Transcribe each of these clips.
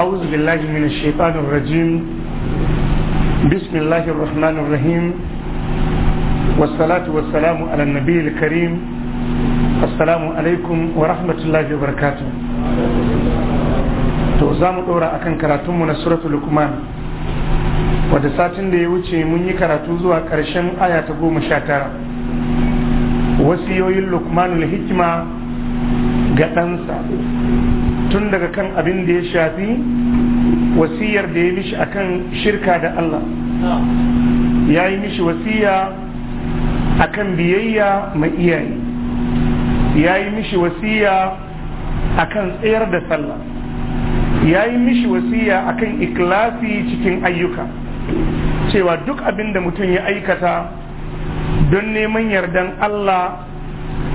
أعوذ بالله من الشيطان الرجيم بسم الله الرحمن الرحيم والصلاة والسلام على النبي الكريم السلام عليكم ورحمة الله وبركاته توزام دورا أكن كراتم من سورة لقمان wadda satin da ya wuce mun yi karatu zuwa ƙarshen aya ta goma sha tara wasiyoyin lukmanul hikima ga ɗansa tun daga kan abin da ya shafi wasiyar da ya mishi akan shirka da Allah ya yi mishi wasiya akan biyayya mai iyaye ya yi mishi wasiya akan tsayar da sallah ya yi mishi wasiya akan ikilasi cikin ayyuka cewa duk abin da mutum ya aikata don neman yardan Allah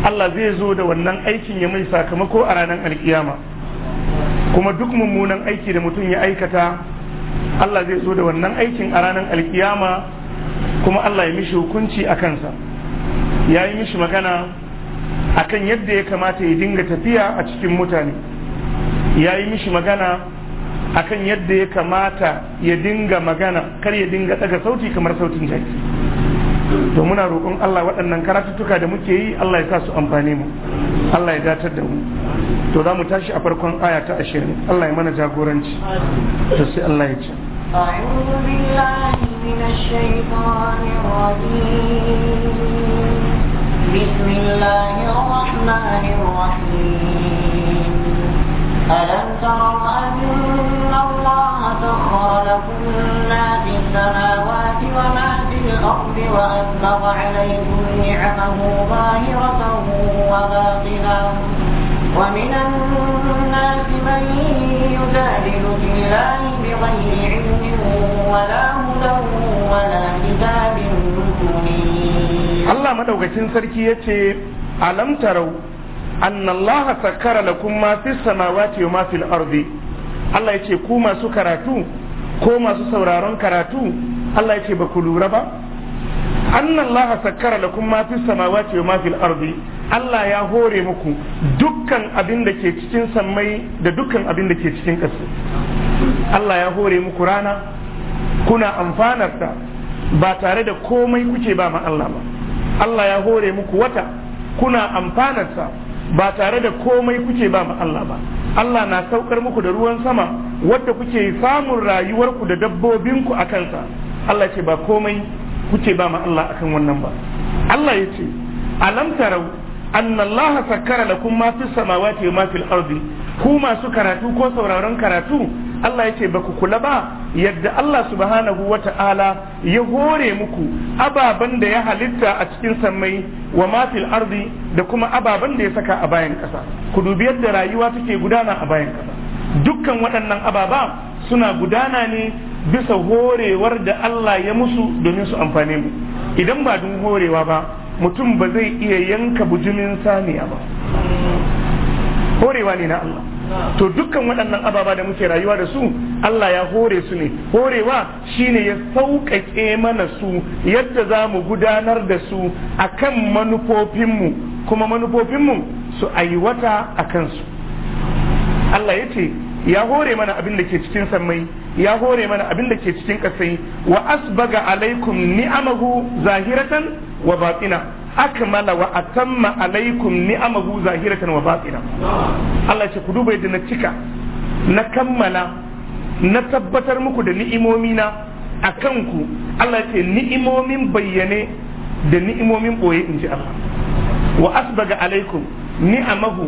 Allah zai zo da wannan aikin ya mai sakamako a ranar alkiyama kuma duk mummunan aiki da mutum ya aikata Allah zai zo da wannan aikin a ranar alkiyama kuma Allah ya mishi hukunci a kansa ya yi mishi magana a kan yadda ya kamata ya dinga tafiya a cikin mutane ya yi mishi magana a kan yadda ya kamata ya dinga magana kar ya dinga daga sauti kamar sautin jaki to muna roƙon Allah waɗannan karatuttuka da muke yi Allah ya sa su amfane mu Allah ya datar da mu to za mu tashi a farkon aya ta ashirin Allah ya mana jagoranci to sai Allah ya ce أعوذ بالله من الشيطان الرجيم بسم الله الرحمن الرحيم ألم تروا أن الله سخر لكم له ظاهرة وباطنا ومن الناس من يجادل في الله بغير علم ولا هدى ولا كتاب منير الله مدوكتين سركية ألم تروا أن الله سكر لكم ما في السماوات وما في Allah ya ce ku masu karatu ko masu sauraron karatu Allah ya ce ba ku lura ba anna allaha sakkara lakum ma fis samawati wa ma fil ardi Allah ya hore muku dukkan abin da ke cikin samai da dukkan abin da ke cikin ƙasa Allah ya hore muku rana kuna amfanarta ba tare da komai kuke ba ma Allah ba Allah ya hore muku wata kuna amfanarsa ba tare da komai kuke ba ma Allah ba Allah na saukar muku da ruwan sama wadda kuke samun rayuwarku da dabbobinku a kansa Allah ce ba komai kuke ba ma Allah akan wannan ba Allah ya ce alam tarau anna Allah sakkara lakum ma fis samawati wa ma fil ardi ku masu karatu ko sauraron karatu Allah ya ce ba ku kula ba yadda Allah subhanahu wa ta'ala ya hore muku ababen da ya halitta a cikin sammai wa ma fil ardi da kuma ababen da ya saka a bayan kasa ku dubi yadda rayuwa take gudana a bayan kasa dukkan waɗannan ababa suna gudana ne bisa horewar da Allah ya musu domin su amfane mu idan ba dun horewa ba mutum ba zai iya yanka bujumin saniya ba horewa ne na Allah to dukkan waɗannan ababa da muke rayuwa da su Allah ya hore su ne horewa shine ya sauƙaƙe mana su yadda za mu gudanar da su akan manufofinmu kuma manufofinmu su aiwata a kansu Allah ya ce ya hore mana abin da ke cikin sammai ya hore mana abin da ke cikin kasai wa asbaga alaikum ni'amahu zahiratan wa batina akmala wa atamma alaikum ni'amahu zahiratan wa batina Allah ce ku duba yadda na cika na kammala na tabbatar muku da ni'imomi na a kanku Allah ce ni'imomin bayyane da ni'imomin boye in ji Allah wa asbaga alaikum ni'amahu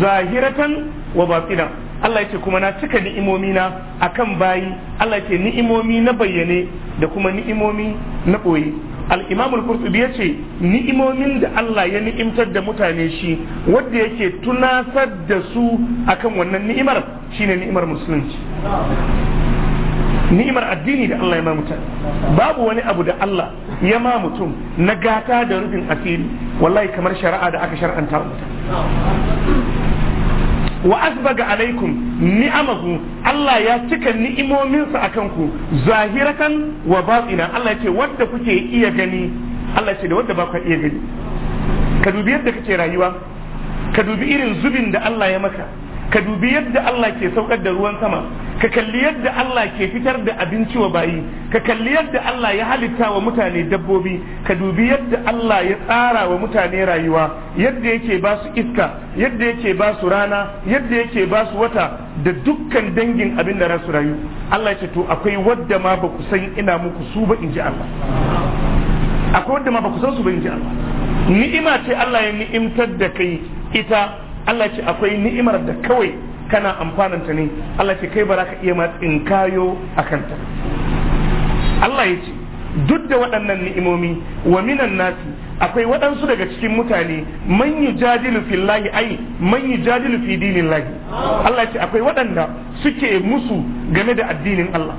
zahiratan wa batina Allah ce kuma na cika ni'imomi na akan bayi Allah ce ni'imomi na bayyane da kuma ni'imomi na boye al-Imam al-Qurtubi yace ni'imomin da Allah ya ni'imtar da mutane shi wanda yake tunasar da su akan wannan ni'imar shine ni'imar musulunci ni'imar addini da Allah ya ma babu wani abu da Allah ya ma mutum na gata da rufin asiri wallahi kamar shari'a da aka shar'anta wa asbaga alaikum ni'amahu Allah ya cika ni'imominsa akan ku zahirakan wa batina Allah ce wanda kuke iya gani Allah ce da wanda ba ku iya gani ka dubi yadda kake rayuwa ka dubi irin zubin da Allah ya maka ka dubi yadda Allah ke saukar da ruwan sama ka kalli yadda Allah ke fitar da abinci wa bayi ka kalli yadda Allah ya halitta wa mutane dabbobi ka dubi yadda Allah ya tsara wa mutane rayuwa yadda yake ba su iska yadda yake ba su rana yadda yake ba su wata da dukkan dangin abin da rasu rayu Allah ce to akwai wadda ma ba ku san ina muku su ba in ji Allah akwai wadda ma ba ku san su ba in ji Allah ni'ima ce Allah ya ni'imtar da kai ita Allah ce akwai ni'imar da kawai kana amfananta ne Allah ce kai ba ka iya ma kayo a kanta Allah ya ce duk da waɗannan ni'imomi wa minan nasi akwai waɗansu daga cikin mutane man yi jadilu fillahi ai man yi jadilu fi dinin lahi Allah ce akwai waɗanda suke musu game da addinin Allah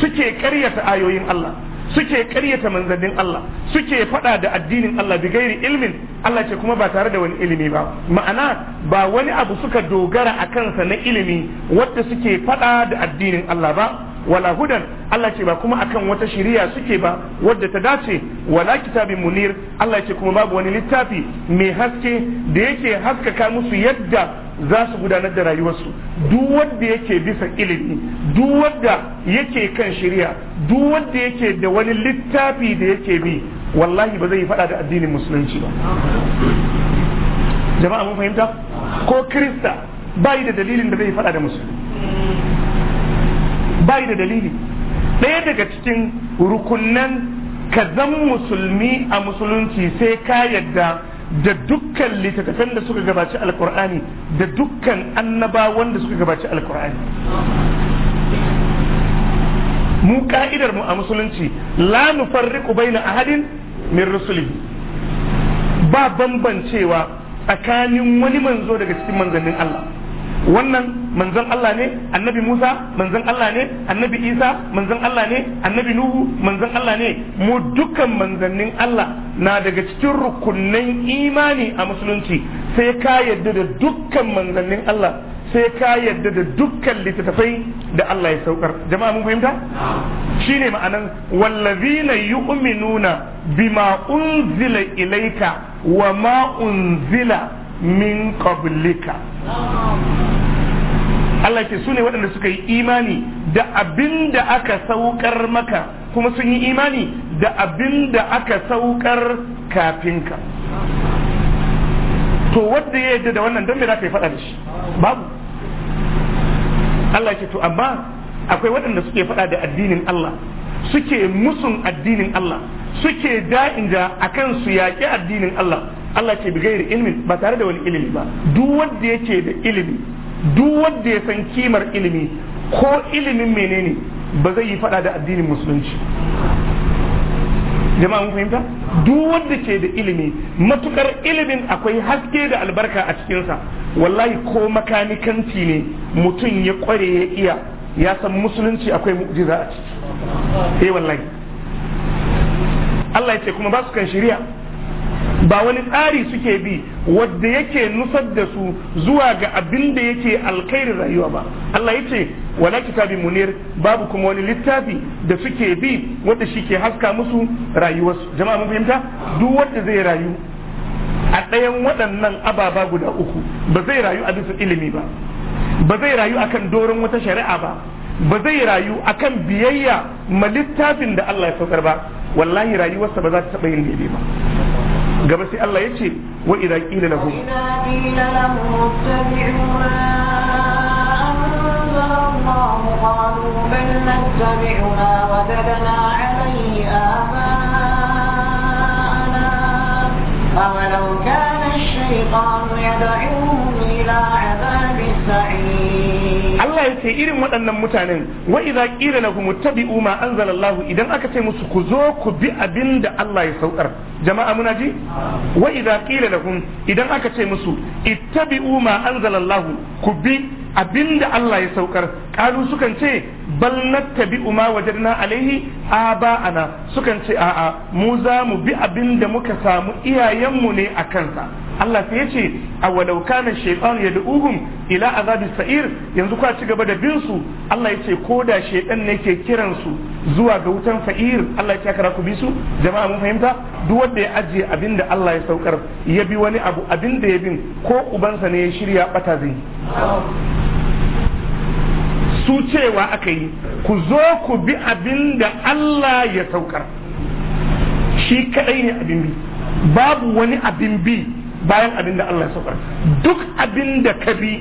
suke karyata ayoyin Allah suke karyata manzannin Allah suke fada da addinin Allah bi gairi ilmin Allah ce kuma ba tare da wani ilimi ba ma'ana ba wani abu suka dogara a kansa na ilimi wadda suke fada da addinin Allah ba wala hudan Allah ce ba kuma akan wata shiriya suke ba wadda ta dace wala kitabin munir Allah ce kuma babu wani littafi mai haske da yake haskaka musu yadda za su gudanar da rayuwarsu duk wanda yake bisa ilimi duk wanda yake kan shiriya duk wanda yake da wani littafi da yake bi wallahi ba zai yi fada da addinin musulunci ba jama'a mun fahimta ko krista bai da dalilin da zai fada da musulunci bai da dalili ɗaya daga cikin rukunnan kazan musulmi a musulunci sai ka yadda da dukkan littattafan da suka gabaci alkur'ani da dukkan annabawan da suka gabaci alkur'ani mu ka'idar mu a musulunci la nufarriqu baina ahadin min rusuli ba bambancewa tsakanin wani manzo daga cikin manzannin Allah wannan manzon Allah ne annabi Musa manzon Allah ne annabi Isa manzon Allah ne annabi Nuhu manzon Allah ne mu dukkan manzannin Allah na daga cikin rukunnan imani a musulunci sai ka yadda da dukkan manzannin Allah sai ka yadda da dukkan littattafai da Allah ya saukar jama'a mun fahimta shine ma'anan wallazina yu'minuna bima unzila ilaika wa ma unzila min qablika Allah ce su ne waɗanda suka yi imani da abin da aka saukar maka kuma sun yi imani da abin da aka saukar kafinka to wadda ya yadda da wannan don me za ka yi faɗa da shi babu Allah ce to amma akwai waɗanda suke faɗa da addinin Allah suke musun addinin Allah suke da'inja akan su yaƙi addinin Allah Allah ce bi gairi ilmin ba tare da wani ilimi ba duk wanda yake da ilimi duk wanda ya san kimar ilimi ko ilimin menene ba zai yi fada da addinin musulunci jama'a mun fahimta duk wanda ke da ilimi matukar ilimin akwai haske da albarka a cikinsa wallahi ko makanikanci ne mutum ya kware ya iya ya san musulunci akwai mu'jiza a ciki eh wallahi Allah ya ce kuma ba su kan shari'a ba wani tsari suke bi wadda yake nusar da su zuwa ga abin da yake alkhairin rayuwa ba Allah ya ce, wala kitabi munir babu kuma wani littafi da suke bi wadda shi ke haska musu rayuwarsu jama'a mun fahimta duk wanda zai rayu a ɗayan waɗannan ababa guda uku ba zai rayu a bisa ilimi ba ba zai rayu akan doron wata shari'a ba ba zai rayu akan biyayya ma littafin da Allah ya saukar ba wallahi rayuwarsa ba za ta taɓa yin daidai ba gaba sai Allah ya ce wa idza qila lahum قالوا ce irin waɗannan mutanen wa idza qila lahum ittabi'u ma anzala idan aka ce musu ku zo ku bi abin da Allah ya saukar jama'a muna ji wa qila lahum idan aka ce musu ittabi'u ma ku bi abin da Allah ya saukar kalu sukan ce bal nattabi'u ma wajadna alaihi aba'ana sukan ce a'a mu za mu bi abin da muka samu iyayenmu ne a kansa Allah sai ya ce a walau kana shaytan da'uhum ila azabi sa'ir yanzu kwa ci gaba da bin su Allah ya ce ko da shaytan ne ke kiran su zuwa ga wutan sa'ir Allah ya ce kara ku bi su jama'a mun fahimta duk wanda ya ajiye abinda Allah ya saukar ya bi wani abu abinda ya bin ko ubansa ne ya shirya bata zai su cewa aka yi ku zo ku bi abinda Allah ya saukar shi kadai ne abin bi babu wani abin bi bayan abin da Allah ya saukar duk abin da ka bi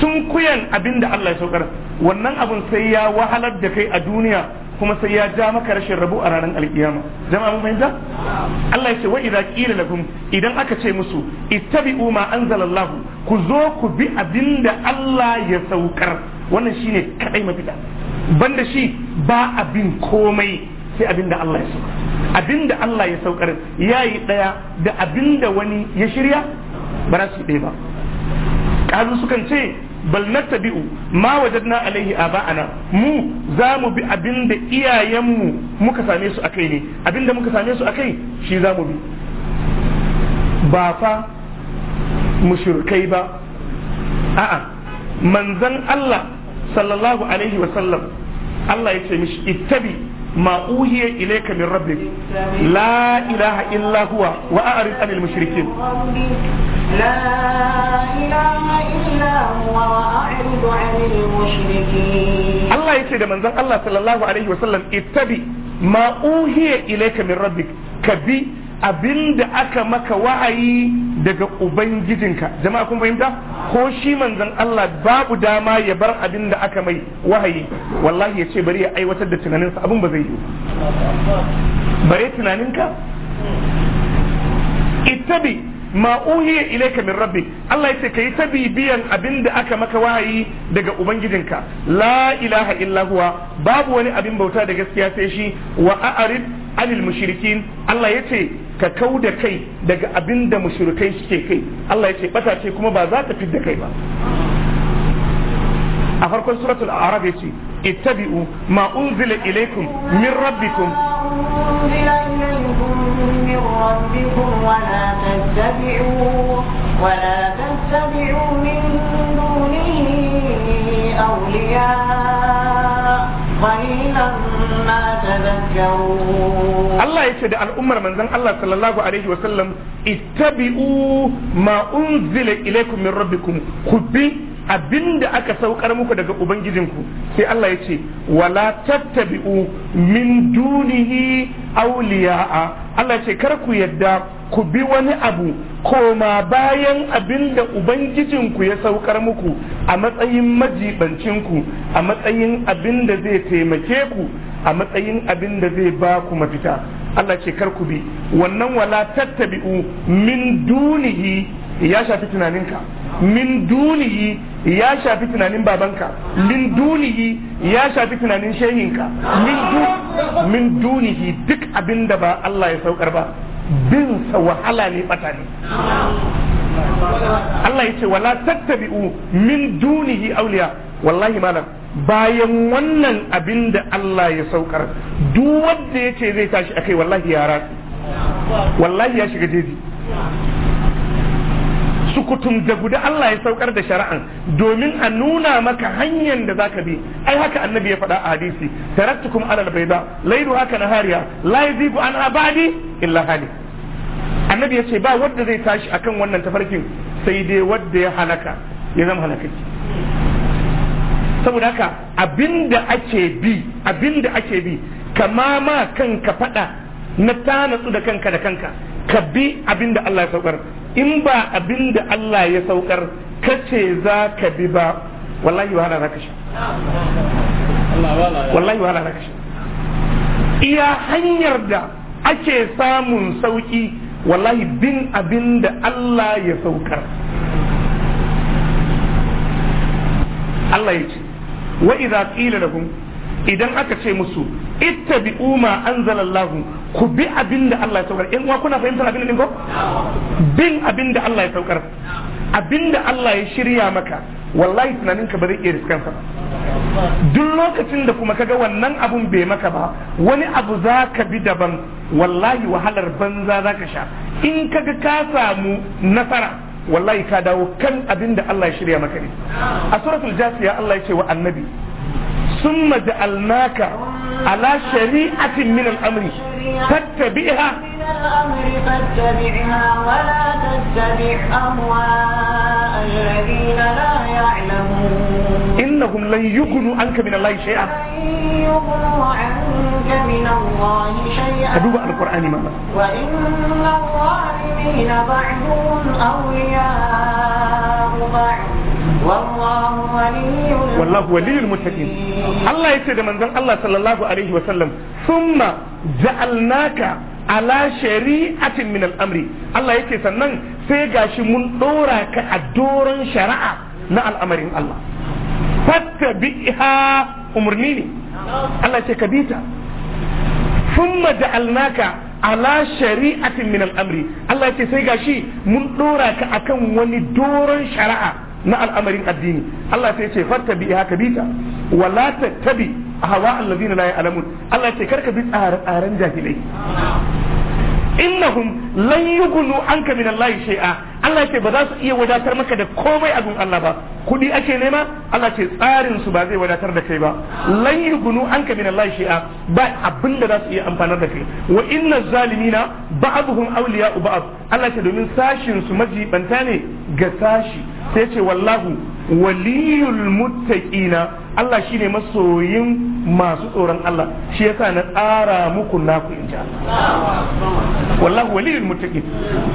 sun kuyan abin da Allah ya saukar wannan abin sai ya wahalar da kai a duniya kuma sai ya ja maka rashin rabu a ranar alkiyama jama'a mun fahimta Allah ya ce wa idza qila lakum idan aka ce musu ittabi'u ma anzalallahu ku zo ku bi abin da Allah ya saukar wannan shine kadai mafita banda shi ba abin komai sai abin da Allah ya saukar abinda Allah ya saukar ya yi ɗaya da abinda wani ya shirya ba za su ɗaya ba ƙazu sukan ce bal nattabi'u ma wajadna alaihi aba'ana mu za mu bi abinda iyayenmu muka same su akai ne abinda muka same su akai shi za mu bi ba fa mu shirkai ba a'a manzon Allah sallallahu alaihi wa sallam Allah ya ce mishi ittabi ما أوهي إليك من ربك لا إله إلا هو وأعرض عن المشركين لا إله إلا هو وأعرض عن المشركين الله يكيد من ذلك الله صلى الله عليه وسلم اتبع ما أوهي إليك من ربك كبي abinda aka maka wahayi daga ubangijinka jama'a kun fahimta ko shi manzon Allah babu dama ya bar abinda aka mai wahayi wallahi ya ce bari ya aiwatar da tunaninsa abin ba zai yi bare tunaninka ittabi ma uhiya ilayka min rabbi Allah yace kai tabi biyan abinda aka maka wahayi daga ubangijinka la ilaha illa huwa babu wani abin bauta da gaskiya sai shi wa a'rid anil mushrikin Allah yace ka kau da kai daga abin da mushrikai suke kai Allah ya ce bata ce kuma ba za ta fidda kai ba a farkon suratul arab ya ce ittabi'u ma unzila ilaykum min rabbikum ولا تتبعوا من دونه أولياء قليلا Allah ya ce da al'ummar manzan, Allah sallallahu alaihi wa sallam ittabi'u ma unzila ilaikum min rabbikum ku bi abinda aka saukar muku daga ubangijinku sai Allah ya ce wala tattabi'u min dunihi awliya'a Allah ya ce kar ku yadda ku bi wani abu koma bayan abinda ubangijinku ya saukar muku a matsayin majibancinku a matsayin abinda zai taimake ku a matsayin abin da zai ba ku mafita Allah ce kar ku bi wannan wala tattabi'u min dunihi ya shafi tunaninka min dunihi ya shafi tunanin babanka min dunihi ya shafi tunanin shehinka min dunihi duk abin da ba Allah ya saukar ba bin sa wahala ne bata ne Allah ya ce wala tattabi'u min dunihi auliya wallahi malam bayan wannan abin da Allah ya saukar duk wanda ya ce zai tashi akai wallahi ya ratsi wallahi ya shiga jeji sukutum da guda Allah ya saukar da shari'an domin a nuna maka hanyar da zaka bi ai haka annabi ya faɗa a hadisi taraktukum alal bayda laydu haka nahariya la yazibu an abadi illa hali annabi ya ce ba wanda zai tashi akan wannan tafarkin sai dai wanda ya halaka ya zama halakaki saboda haka abinda ake bi abinda ake bi kama ma kanka fada na tanatsu da kanka da kanka ka bi abinda Allah ya saukar in ba abinda Allah ya saukar kace za ka bi ba wallahi wahala za ka shi. wallahi wahala za ka shi. iya hanyar da ake samun sauki wallahi bin abinda Allah ya saukar Allah ya ce wa idza qila idan aka ce musu ittabi'u ma anzalallahu ku bi abin da Allah ya saukar in wa kuna fahimtar abin din ko bin abin da Allah ya saukar abin Allah ya shirya maka wallahi tunanin ka ba zai iya riskan sa duk lokacin da kuma kaga wannan abun bai maka ba wani abu za ka bi daban wallahi wahalar banza za ka sha in kaga ka samu nasara wallahi ka dawo kan abin da Allah ya shirya maka ne a suratul jasiya Allah ya ce wa annabi summa ja'alnaka ala shari'atin min al-amri fattabi'ha ولا تتبع أهواء الذين لا يعلمون innahum lan yughnu anka min Allah shay'a ka duba alqur'ani mama wa inna الظالمين بعضهم أولياء بعض wallahu waliyul muttaqin Allah yace da manzon Allah sallallahu alaihi wa sallam thumma ja'alnaka ala shari'atin min al-amri Allah yace sannan sai gashi mun ɗora ka a doron shari'a na al'amarin Allah fattabi'ha umarni ne Allah ce ka bita thumma ja'alnaka ala shari'atin min amri Allah ce sai gashi mun dora ka akan wani doron shari'a na al'amarin addini Allah sai ce fattabi'ha ka bita wala tattabi hawa alladhina la ya'lamun Allah ce karka bi tsare-tsaren jahilai innahum lan yughnu anka min Allah shay'a Allah ce ba za su iya wadatar maka da komai abin Allah ba kudi ake nema Allah ce tsarin su ba zai wadatar da kai ba lan yughnu anka min Allah shay'a ba abin da za su iya amfanar da kai wa inna zalimina ba'dhum awliya'u ba'd Allah ce domin sashin su majibanta ne ga sashi sai ce wallahu waliyul muttaqina Allah shine masoyin masu tsoron Allah shi yasa na tsara muku naku inji Allah wallahu waliyul muttaqin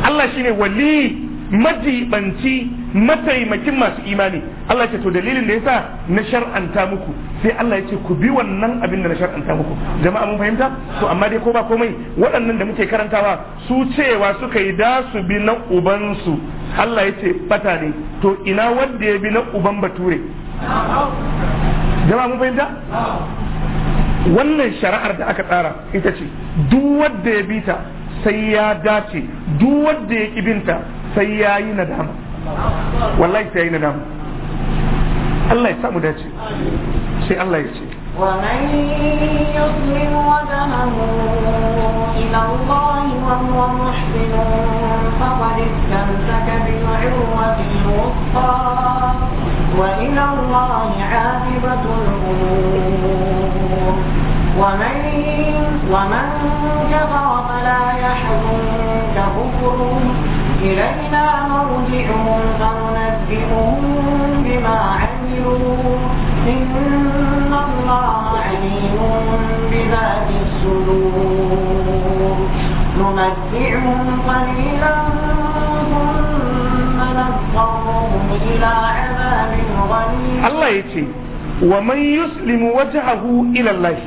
Allah shine wali majibanci mataimakin masu imani Allah ce to dalilin da yasa na shar'anta muku sai Allah ya ce ku bi wannan abin da na shar'anta muku jama'a mun fahimta to amma dai ko ba komai waɗannan da muke karantawa su cewa suka yi da su bi na ubansu Allah ya ce bata ne to ina wanda ya bi na uban bature jama'a mun fahimta wannan shari'ar da aka tsara ita ce duk wanda ya bi ta sai ya dace duk wanda ya ki binta sai ya yi nadama wallahi sai ya yi nadama Allah ya samu dace sai Allah ya ce ومن يظلم وجهه إلى الله وهو محسن فقد استمسك بالعروة الوثقى وإلى الله عاقبة الأمور ومن ومن كفر فلا يحزنك كفره إلينا مرجعهم فننبئهم ذات الصدور نمتعهم قليلا ثم نضطرهم إلى عذاب غليظ الله يتي ومن يسلم وجهه إلى الله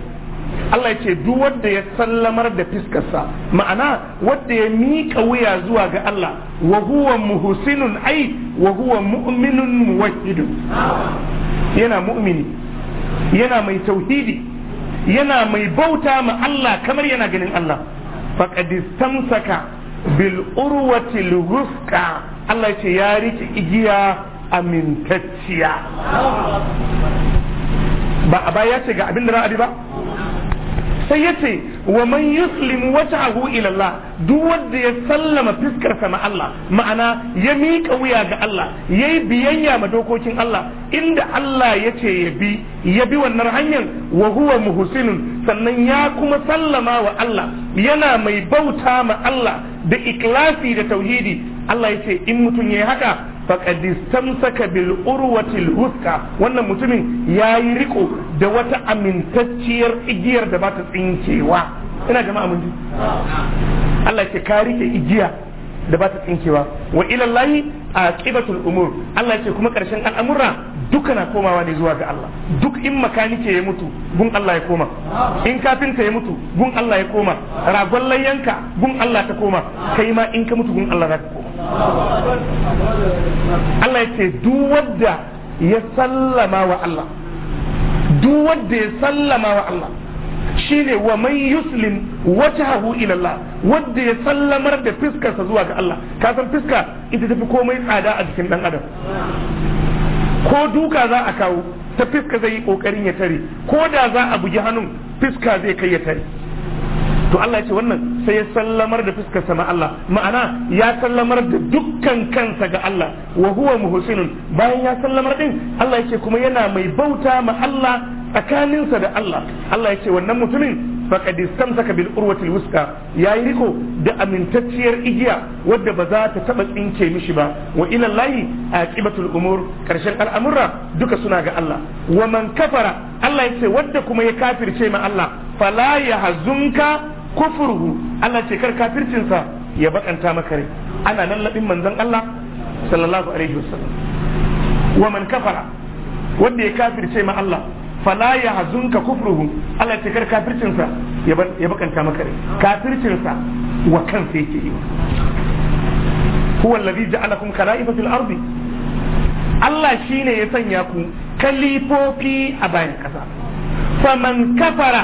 Allah ce duk wanda ya sallamar da fiskarsa ma'ana wanda ya miƙa wuya zuwa ga Allah wa huwa muhsinun ai wa huwa mu'minun muwahhidun yana mu'mini yana mai tauhidi yana mai bauta ma Allah kamar yana ganin Allah faqad istamsaka bil urwati wuthqa Allah ce ya rike igiya amintacciya ba a baya ce ga abin da ra'adi ba sai yace wa man yuslimu wajhahu ila Allah duk wanda ya sallama fuskarsa ma Allah ma'ana ya miƙa wuya ga Allah yayi biyayya ma dokokin Allah inda Allah ya ce ya bi ya bi wannan hanyar wa huwa muhsinun sannan ya kuma sallama wa Allah yana mai bauta ma Allah da ikhlasi da tauhidi Allah ya ce in mutum yayi haka faqad istamsaka bil urwatil Huska wannan mutumin yayi riko da wata amintacciyar igiyar da ba ta tsinkewa ina jama'a mun ji Allah ya ka rike igiya da bata ta tsinkewa wa ilallahi aqibatul umur Allah ya ce kuma karshen al'amura duka na komawa ne zuwa ga Allah duk in makanike ya mutu gun Allah ya koma in kafinta ya mutu gun Allah ya koma ragon layyanka gun Allah ta koma kai ma in ka mutu gun Allah za ka koma Allah ya ce duk wanda ya sallama wa Allah duk wadda ya sallama wa Allah shine wa man yuslim wajhahu ila Allah wanda ya sallamar da fiskarsa zuwa ga Allah ka san fiska ita tafi komai tsada a jikin dan adam ko duka za a kawo ta fiska zai yi kokarin ya tare ko da za a bugi hannun fiska zai kai ya tare to Allah ya ce wannan sai ya sallamar da sa ma Allah ma'ana ya sallamar da dukkan kansa ga Allah wa huwa muhsinun bayan ya sallamar din Allah ya ce kuma yana mai bauta ma Allah tsakaninsa da Allah Allah ya ce wannan mutumin faqad istamsaka bil urwatil wuska yayi riko da amintacciyar igiya wadda ba za ta taba tsinke mishi ba wa ila llahi aqibatul umur karshen al'amura duka suna ga Allah wa man kafara Allah ya ce wadda kuma ya kafirce ma Allah fala yahzunka kufruhu Allah ce kar kafircinsa ya bakanta maka rai ana lallabin manzon Allah sallallahu alaihi wasallam wa man kafara wanda ya kafirce ma Allah fala ya hazun ka kufruhum Allah ya kar kafircinsa ya bakanta maka rai Kafircinsa wa kansa yake yi huwa alladhi ja'alakum khala'ifa fil ardi Allah shine ya sanya ku kalifofi a bayan kasa faman kafara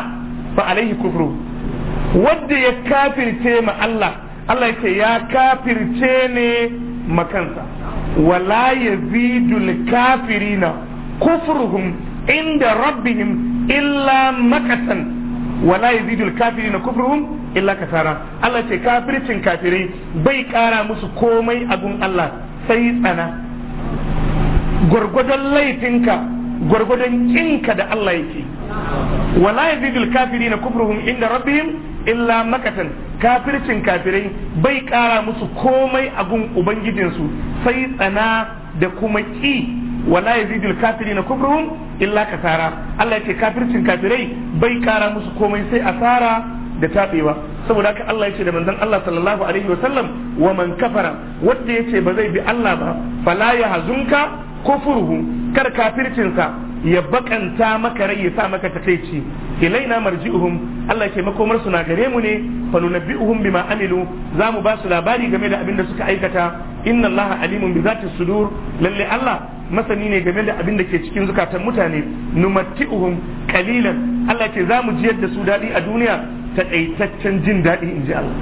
fa alaihi kufru wanda ya kafirce ma Allah Allah yake ya kafirce ne makansa wala yazidul kafirina kufruhum inda rabbihim illa makasan wala illa kasara Allah ce kafircin bai kara musu komai Allah sai tsana kinka da Allah yake wala yazidul kafirina kufruhum inda rabbihim illa makatan kafircin bai kara musu komai abun ubangijinsu sai tsana da kuma ki wala yazidul na kufruhum illa kasara Allah yace kafircin kafirai bai kara musu komai sai asara da tabewa saboda haka Allah yace da manzon Allah sallallahu alaihi wa sallam wa man kafara wanda yace ba zai bi Allah ba fala yahzunka kufurhu kar kafircinsa ya bakanta maka rai ya sa maka takeici ilaina marji'uhum Allah ke makomar su na gare mu ne fa nunabbi'uhum bima amilu za mu ba su labari game da abin da suka aikata inna Allah alimun bi zati sudur lalle Allah masani ne game da abin da ke cikin zukatan mutane numatti'uhum qalilan Allah ke za mu jiyar da su dadi a duniya takaitaccen jin dadi inji Allah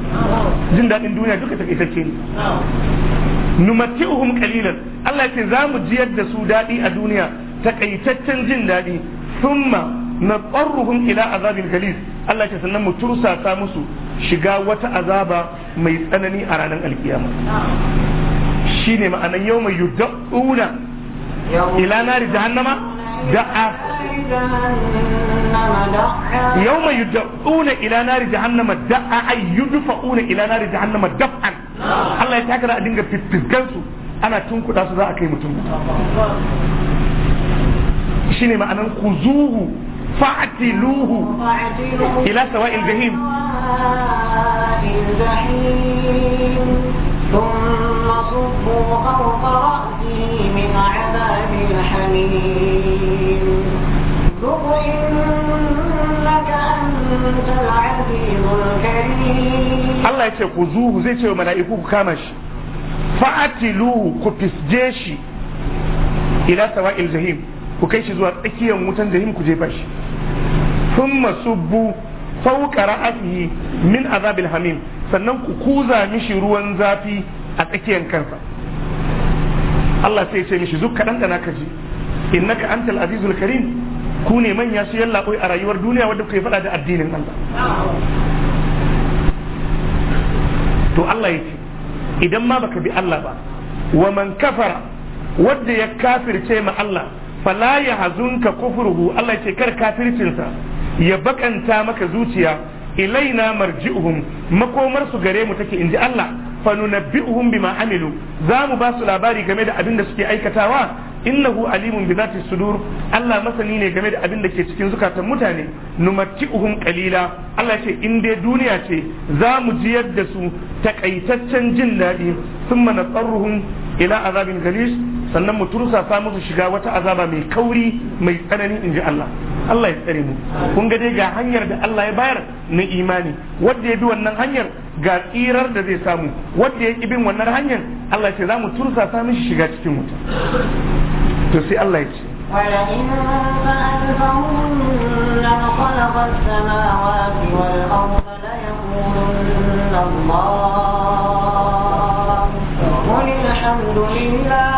jin dadin duniya duka takaitacce ne numatti'uhum qalilan Allah ce za mu jiyar da su daɗi a duniya takaitaccen jin dadi thumma naqarruhum ila azabin galis Allah ce sannan mu tursasa musu shiga wata azaba mai tsanani a ranar alkiyama shine ma'anan yawma yud'una ila nari jahannama da'a yawma yud'una ila nari jahannama da'a ay yudfa'una ila nari jahannama daf'an Allah ya takara a dinga fiffisgan su ana tunkuɗa su za a kai mutum Shi ne ma'anan kuzuhu fa'tiluhu ila sawa'il jahim ثم صبوا فوق رأسه من عذاب الحميم Allah ya ce ku zuhu zai ce wa mala'iku ku kama shi fa'atilu ku fisje shi ila sawa'il jahim ku kai shi zuwa tsakiyar wutan jahim ku jefa shi thumma subbu fawqa ra'atihi min azabil hamim sannan ku kuza mishi ruwan zafi a tsakiyar kansa Allah sai ya ce mishi zuk kadan da naka ji innaka antal azizul karim ku ne manya su yalla a rayuwar duniya wadda kuke faɗa da addinin Allah to Allah ya ce idan ma baka bi Allah ba wa man kafara wadda ya kafirce ma Allah fala ya hazunka kufruhu Allah ya ce kar kafircinsa ya bakanta maka zuciya ilaina marji'uhum makomar su gare mu take inji Allah fanunabbi'uhum bima amilu za mu ba su labari game da abin da suke aikatawa innahu alimun bi zati sudur Allah masani ne game da abin da ke cikin zukatan mutane numatti'uhum qalila Allah ce in dai duniya ce za mu jiyar da su takaitaccen jin daɗi thumma nasarruhum ila azabin galis sannan mu tursa sa musu shiga wata azaba mai kauri mai tsanani inji Allah Allah ya tsare mu kun ga dai ga hanyar da Allah ya bayar na imani wanda ya bi wannan hanyar ga tsirar da zai samu wanda ya ki bin wannan hanyar Allah ya ce za mu tursa sa mishi shiga cikin wuta to sai Allah ولئن سألتهن خلق السماوات والأرض ليقولن الله قل الحمد لله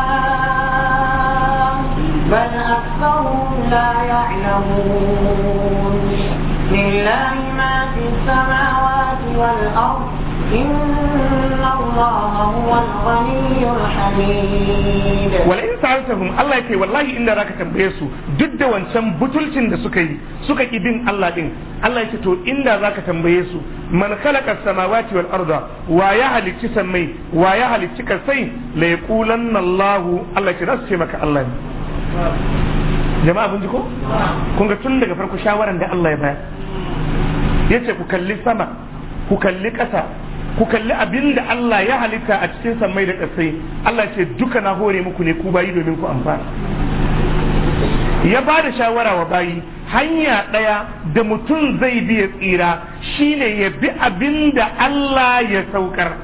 بل أكثرهم لا يعلمون لله ما في السماوات والأرض إن wala in sa ta sa'altahum Allah yake wallahi inda raka tambaye su duk da wancan butulcin da suka yi suka ki bin Allah din Allah yake to inda raka tambaye su man khalaqa samawati wal arda wa ya halicci sammai wa ya halicci kasai la yaqulanna Allah Allah yake rasu ce maka Allah ne jama'a kun ji ko kun ga tun daga farko shawaran da Allah ya bayar yace ku kalli sama ku kalli ƙasa. ku kalli abin da Allah ya halitta a cikin sammai da ƙasai Allah ce duka na hore muku ne ku bayi domin ku amfana ya ba da shawara wa bayi hanya ɗaya da mutum zai biya tsira shine ya bi abin da Allah ya saukar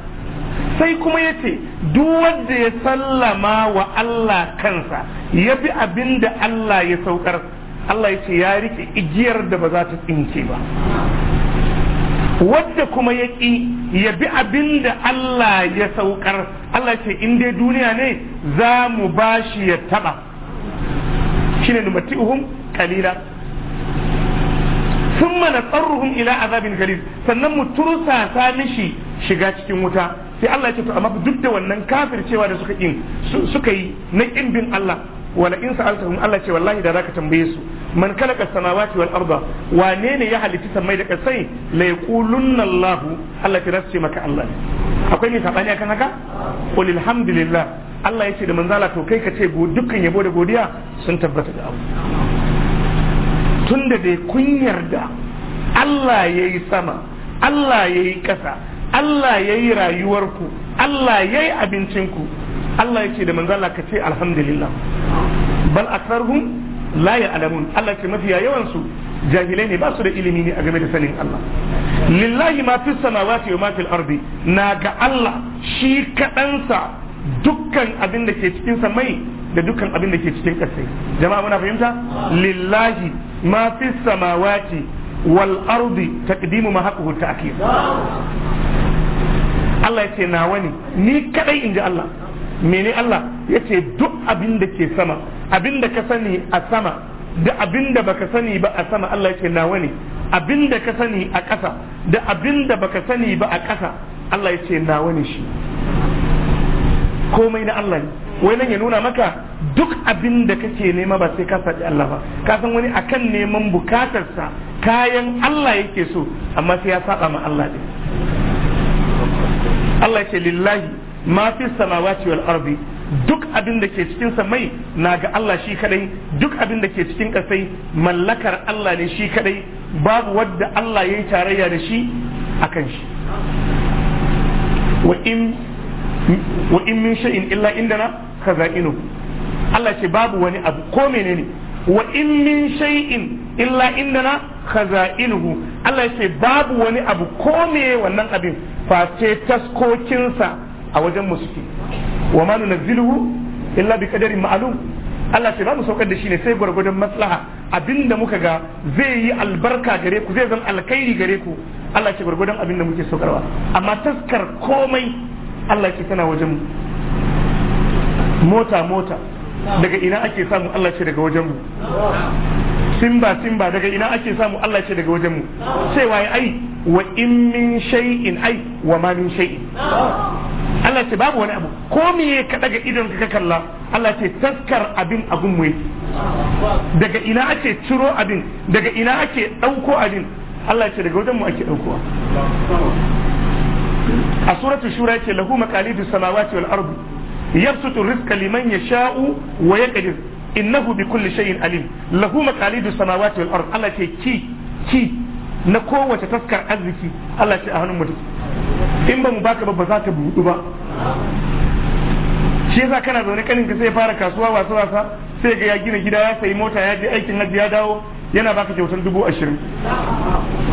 sai kuma ya ce duk wanda ya sallama wa Allah kansa ya bi abin da Allah ya saukar Allah ya ce ya rike igiyar da ba za ta tsinke ba wadda kuma ya ƙi ya bi abin da Allah ya saukar Allah ce in dai duniya ne za mu ba shi ya taɓa Shin ne numati'uhum kalila sun mana tsarruhun ila azabin galil sannan mu tursa ta mishi shiga cikin wuta sai Allah ya ce to amma duk da wannan cewa da suka yi na ƙin bin Allah wala in sa'altahum Allah ce wallahi da zaka tambaye su man kala khalaqa samawati wal arda wa ne ne ya halitta samai da kasai la yaqulunna Allah Allah ta rasu maka Allah akwai ne sabani akan haka qul alhamdulillah Allah yace da manzala to kai ka ce dukkan yabo da godiya sun tabbata da abu tunda dai kun yarda Allah yayi sama Allah yayi kasa Allah yayi rayuwar ku. Allah yayi abincin ku. Allah yace da manzala ka ce alhamdulillah bal aktharuhum la ya alamun Allah ce mafiya yawan su jahilai ne ba su da ilimi ne a game da sanin Allah lillahi ma fis samawati wa ma fil ardi na ga Allah shi sa dukkan abin da ke cikin samai da dukkan abin da ke cikin ƙasai jama'a muna fahimta lillahi ma fis samawati wal ardi taqdimu ma haqqu ta'khir Allah ya ce nawa ne ni kadai inji Allah mene Allah ya ce duk abin da ke sama abin da ka sani a sama da abin da baka sani ba a sama Allah ya ce nawa ne abin da ka sani a ƙasa da abin da baka sani ba a ƙasa Allah ya ce nawa ne shi komai na Allah ne wai nan ya nuna maka duk abin da kake nema ba sai ka faɗi Allah ba ka san wani akan neman bukatarsa kayan Allah yake so amma sai ya saba ma Allah din Allah ya ce lillahi ma fi samawati wal ardi duk abin da ke cikin samai na ga Allah shi kadai duk abin da ke cikin kasai mallakar Allah ne shi kadai babu wadda Allah yayi tarayya da shi akan shi wa in wa in min shay'in illa indana khaza'inu Allah ce babu wani abu ko menene wa in min shay'in illa indana khaza'inuhu Allah ce babu wani abu ko me wannan abin face taskokinsa a wajen mu suke wa ma nunazziluhu illa bi qadarin ma'lum Allah ce ba mu saukar da shi ne sai gwargwadon maslaha abinda muka ga zai yi albarka gare ku zai zan alkhairi gare ku Allah ce gwargwadon abinda muke saukarwa amma taskar komai Allah ce tana wajen mota mota daga ina ake samu Allah ce daga wajen mu simba simba daga ina ake samu Allah ce daga wajen mu sai waye ai wa in min shay'in ai wa ma min shay'in Allah ce babu wani abu ko me ka daga idon ka kalla Allah ce taskar abin a mu daga ina ake ciro abin daga ina ake dauko abin Allah ce daga wajen mu ake daukowa a suratul shura ce lahu maqalidus samawati wal ardi yabsutu rizqa liman yasha'u wa yaqdir innahu bikulli shay'in alim lahu maqalidus samawati wal ardi Allah ce ki ki na kowace taskar arziki Allah ce a hannun mutum in ba mu baka ba ba za ta buɗu ba shi yasa kana zaune kanin ka sai fara kasuwa wasa wasa sai ga ya gina gida ya sayi mota ya je aikin hajji ya dawo yana baka kyautar dubu ashirin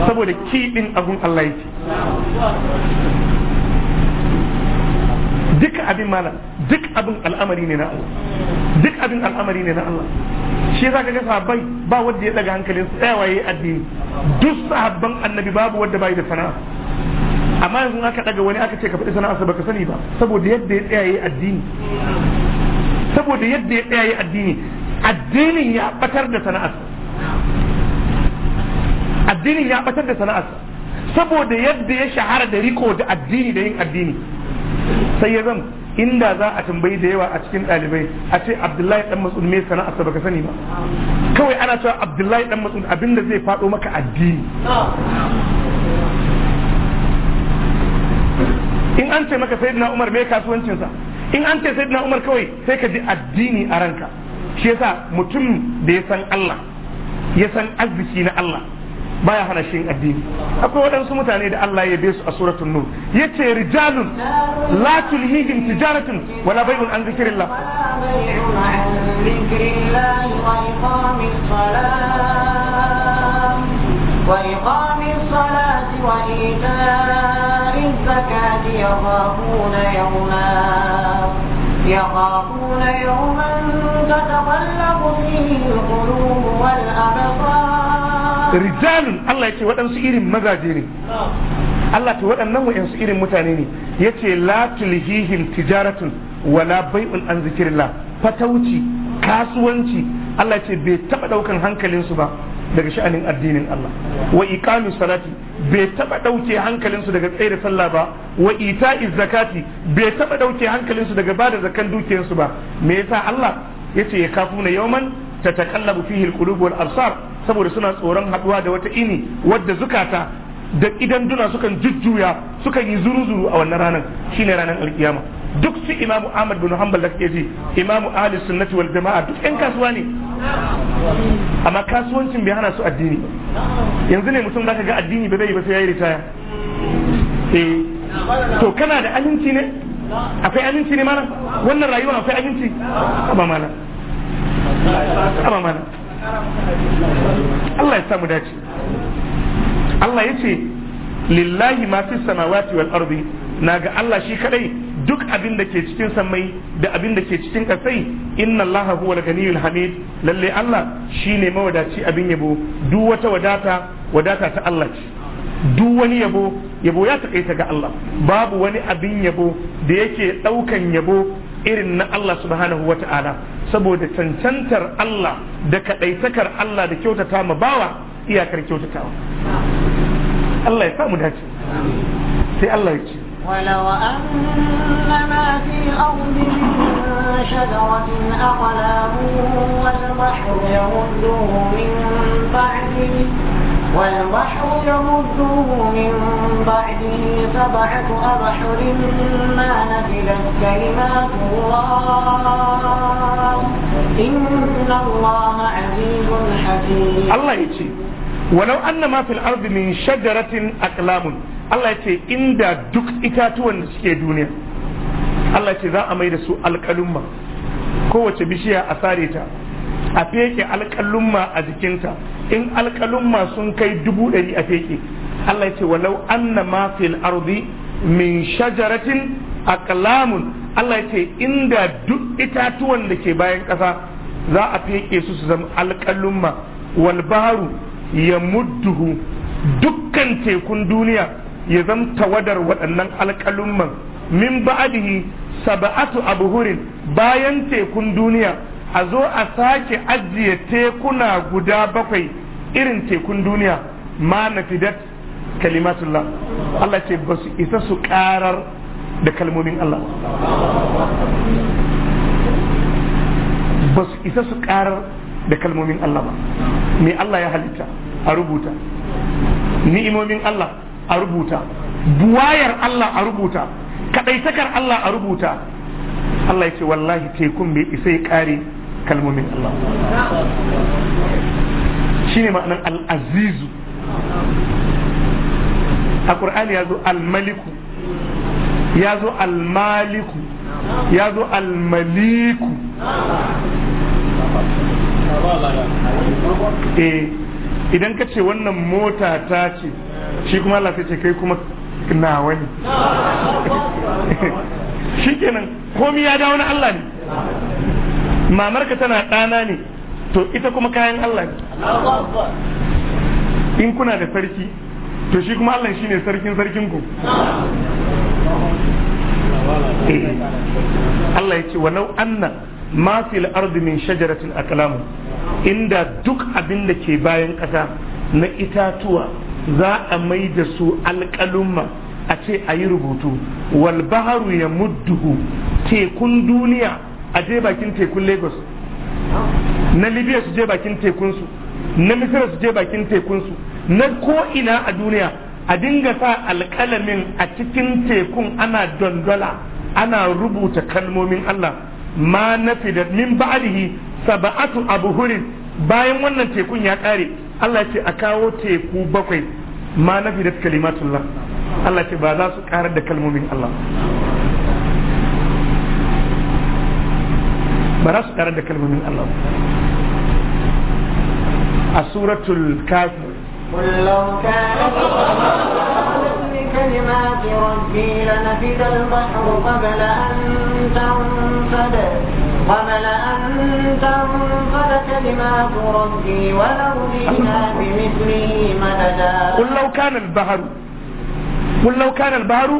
saboda kiɗin abun Allah yake duka abin malam duk abin al'amari ne na Allah duk abin al'amari ne na Allah shi yasa ga sahabbai ba wanda ya daga hankalin su tsayawa waye addini duk sahabban annabi babu wanda bai da sana'a amma yanzu aka daga wani aka ce ka faɗi sana'a baka sani ba saboda yadda ya tsaya yayi addini saboda yadda ya tsaya addini addinin ya batar da sana'ar addinin ya batar da sana'ar saboda yadda ya shahara da riko da addini da yin addini sai ya zama inda za a tambayi da yawa a cikin ɗalibai a ce abdullahi dan mas'ud me sana'a sa baka sani ba kawai ana cewa abdullahi dan mas'ud abinda zai faɗo maka addini in an ce maka sayyidina umar me kasuwancinsa in an ce sayyidina umar kawai sai ka ji addini a ranka shi yasa mutum da ya san Allah ya san arziki na Allah baya hana shi addini akwai waɗansu mutane da Allah ya be su a suratul nur yace rijalun la tulhihim tijaratun wala bay'un an zikrillah وإقام الصلاة وإيتاء الزكاة يخافون يوما يخافون يوما تتقلب فيه القلوب والأبصار rijalun Allah ya ce waɗansu irin mazaje ne Allah ce waɗannan wa'yansu irin mutane ne ya ce la tulhihim tijaratun wala bai'un an zikirillah fatauci kasuwanci Allah ce bai taɓa ɗaukan hankalinsu ba daga sha'anin addinin Allah wa salati bai taba ɗauke hankalinsu daga tsere sallah ba wa ita'iz zakati bai taɓa ɗauke hankalinsu daga bada zakan dukiyarsu ba me yasa Allah yace ya kafuna yawman tatakallabu fihi alqulub wal absar saboda suna tsoron haduwa da wata ini wadda zukata da idan duna sukan jujjuya sukan yi zuru-zuru a wannan ranar shine ranar alkiyama duk su imamu ahmad bin hanbal da kake ji imamu ahli sunnati wal jama'a duk yan kasuwa ne amma kasuwancin bai hana su addini yanzu ne mutum zaka ga addini ba zai ba sai yayi ritaya eh to kana da aminci ne akwai aminci ne mana wannan rayuwa akwai aminci ba mana mana Allah ya samu dace Allah ya ce lillahi ma fi samawati wal ardi na ga Allah shi kadai duk abin da ke cikin samai da abin da ke cikin kasai inna Allah huwa al-ganiyul hamid lalle Allah shi ne mawadaci abin yabo duk wata wadata wadata ta Allah ce duk wani yabo yabo ya taƙaita ga Allah babu wani abin yabo da yake ɗaukan yabo irin na Allah subhanahu wa ta'ala saboda cancantar Allah da kaɗaitakar Allah da kyautata ma bawa iyakar kyautatawa Allah ya samu dace sai Allah ya ce ولو أننا في الأرض من شجرة أقلام والبحر يرده من بعده والبحر يمده من بعده سبعة أبحر ما نفدت كلمات الله إن الله عزيز حكيم الله يجي ولو أن ما في الأرض من شجرة أقلام الله يجي إن دا دك إتاتوان سكي دنيا الله يجي ذا أمير سوء القلمة kowace bishiya a sare ta a feke alƙalumma a jikinta in alƙalumma sun kai dubu ɗari a feke Allah ya ce walau anna ma fil ardi min shajaratin aqlamun Allah ya ce inda duk itatuwan da ke bayan ƙasa za a feke su su zama alƙalumma wal baharu ya mudduhu dukkan tekun duniya ya zama wadar waɗannan alƙalumman min ba'adihi sab'atu abhurin bayan tekun duniya a zo a sake ajiye tekuna guda bakwai irin tekun duniya ma na fidat kalimatullah Allah ce ba su isa su karar da kalmomin Allah ba su isa su karar da kalmomin Allah ba me Allah ya halitta a rubuta ni'imomin Allah a rubuta buwayar Allah a rubuta kadaitakar Allah a rubuta Allah ya ce wallahi tekun bai isa ya kare kalmomin Allah shi ne al-azizu a ƙur'ani ya zo al-maliku ya zo al-maliku ya zo al-maliku eh idan ka ce wannan mota ta ce shi kuma Allah sai ce kai kuma nawa ne kenan komi ya dawo na Allah ne mamarka tana ɗana ne to ita kuma kayan Allah ne in kuna da sarki to shi kuma Allah shi ne sarkin sarkin ku eh. Allah ya ce nau anna ma fil ardi min shajaratin aklamu inda duk abin da ke bayan ƙasa na itatuwa za a mai da su alƙalumma a ce a yi rubutu wal baharu ya mudduhu tekun duniya a je bakin tekun lagos na libya su je bakin tekun su, na misira su je bakin tekun su, na ko'ina a duniya a dinga sa alkalamin a cikin tekun ana dondola ana rubuta kalmomin allah ma nafi da min ba'dihi sab'atu abhurin bayan wannan tekun ya ƙare, Allah ce a kawo teku bakwai ma nafi da kalimatullah Allah ce ba za su karar da kalmomin Allah ba za su tarar da kalmomin Allah a suratul kafi كلمات ربي لنفد البحر قبل أن تنفد قبل أن تنفد كلمات ربي ولو جئنا بمثله مددا قل لو كان البحر قل لو كان البحر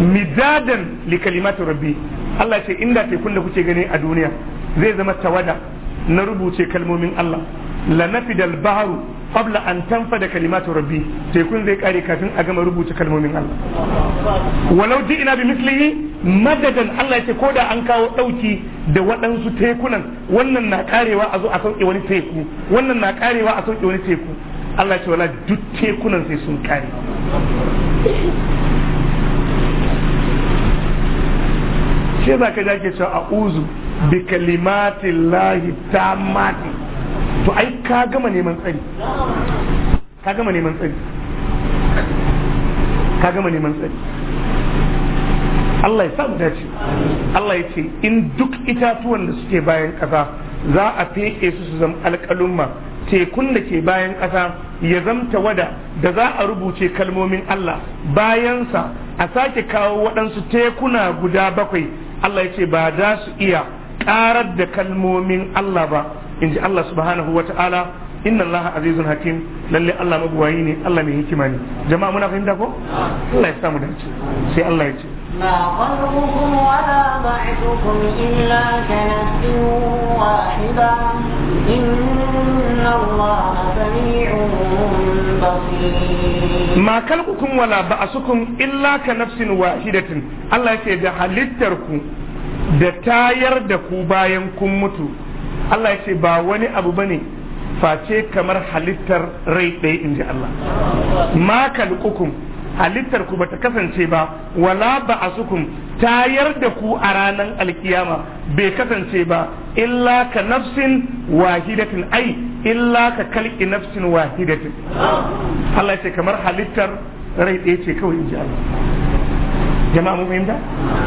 مدادا لكلمات ربي Allah ce inda tekun da kuke gani a duniya zai zama tawada na rubuce kalmomin Allah la nafidal bahru qabla an tanfada kalimatu rabbi tekun zai kare kafin a gama rubuce kalmomin Allah walau ji ina bi mislihi madadan Allah ya ce koda an kawo dauki da waɗansu tekunan wannan na karewa a zo a sauke wani teku wannan na karewa a sauke wani teku Allah ya ce wala duk tekunan sai sun kare shi za ka jake cewa a'uzu bi kalimatin lahi ta mati to ai ka gama neman tsari ka gama neman tsari ka gama neman tsari Allah ya samu dace Allah ya ce in duk itatuwan da suke bayan ƙasa za a feƙe su su zama alƙalumma tekun da ke bayan ƙasa ya zamta wada da za a rubuce kalmomin Allah bayansa a sake kawo waɗansu tekuna guda bakwai Allah ya ce ba za su iya ƙarar da kalmomin Allah ba in ji Allah subhanahu wa ta'ala inna Allah azizun hakim lalle Allah mabuwayi ne Allah mai hikima ne jama'a muna fahimta ko Allah ya samu dace sai Allah ya ce ma qalbukum wa la ba'dukum illa kanafsin wahida inna Allah sami'un ma kalkukun wala sukun illa ka nafsin wahidatin Allah yake da halittar ku da tayar da ku bayan kun mutu Allah yake ba wani abu bane face kamar halittar rai ɗaya in ji Allah ma kalkukun halittar ku bata kasance ba wala ba a ba'asukum tayar da ku a ranar alkiyama bai kasance ba illa ka nafsin wahidatin ai illa ka kalki nafsin wahidatin Allah ce kamar halittar rai ɗaya ce kawai in ji Allah jama'a mun fahimta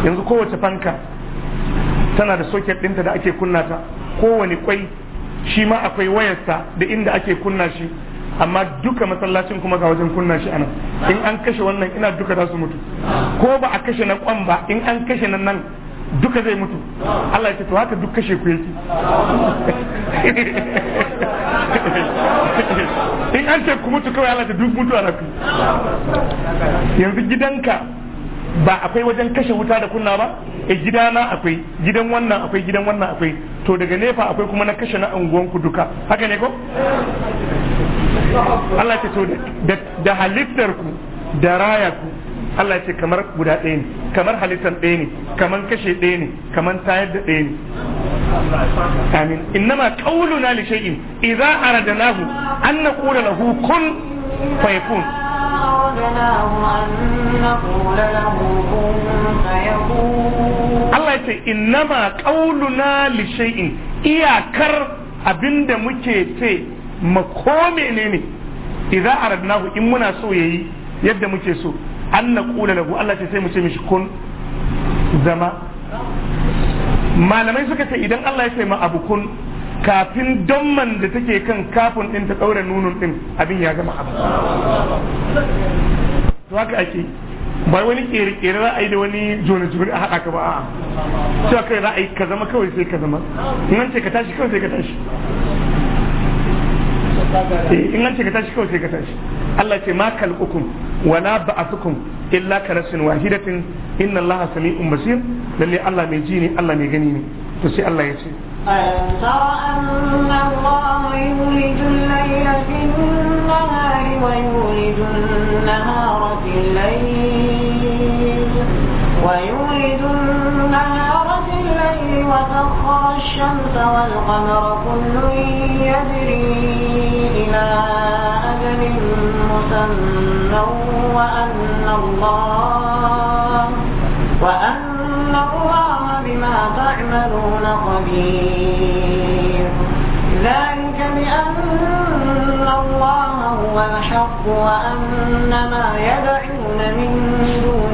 yanzu kowace fanka tana da soket ɗinta da ake kunnata. ta kowane kwai shi ma akwai wayarsa da inda ake kunna shi amma duka masallacin kuma ga wajen kunna shi anan in an kashe wannan ina duka za su mutu ko ba a kashe na kwan ba in an kashe nan nan duka zai mutu Allah ya ce to haka duk kashe ku yake in an ce ku mutu kawai Allah ta duk mutu a ku yanzu gidanka ba akwai wajen kashe wuta da kunna ba e gidana akwai gidan wannan akwai gidan wannan akwai to daga nefa akwai kuma na kashe na unguwanku duka haka ne ko Allah ce to da halittar ku da raya ku Allah ce kamar guda ɗaya ne kamar halittar ɗaya ne kamar kashe ɗaya ne kamar tayar da ɗaya ne amin innama qauluna li shay'in idza aradnahu an naqula lahu kun fayakun Allah ce innama qauluna li shay'in iyakar abinda muke ce ma ko menene idza aradnahu in muna so yayi yadda muke so an naqula lahu Allah ce sai mu ce mishi kun zama malamai suka ce idan Allah ya ce ma abu kun kafin domman da take kan kafin din ta daura nunun din abin ya gama abu to haka ake ba wani kere-kere za a yi da wani jone-jone a haɗa ka ba a'a cewa kai za a yi ka zama kawai sai ka zama nan ce ka tashi kawai sai ka tashi Eh, in an ce ka tashi kawai sai ka tashi Allah ce ma kalqukum wala ba'athukum illa ka nafsin wahidatin inna Allah sami'un basir lalle Allah mai ji ne Allah mai gani ne to sai Allah ya ce ألم تر أن النهار في الليل وسخر الشمس والقمر كل يجري إلى أجل مسمى وأن الله وأن الله بما تعملون خبير ذلك بأن الله هو الحق وأن ما يدعون من دونه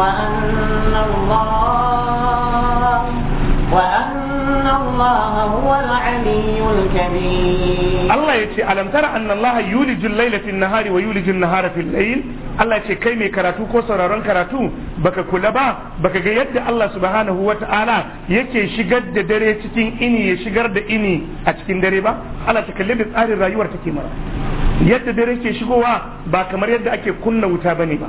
وأن الله وأن الله هو العلي الكبير الله يتي ألم ترى أن الله يولج الليل في النهار ويولج النهار في الليل Allah ce kai mai karatu ko sauraron karatu baka kula ba baka ga yadda Allah subhanahu wa ta'ala yake shigar da dare cikin ini ya shigar da ini a cikin dare ba Allah ta kalli da tsarin rayuwar take mara yadda dare ke shigowa ba kamar yadda ake kunna wuta ne ba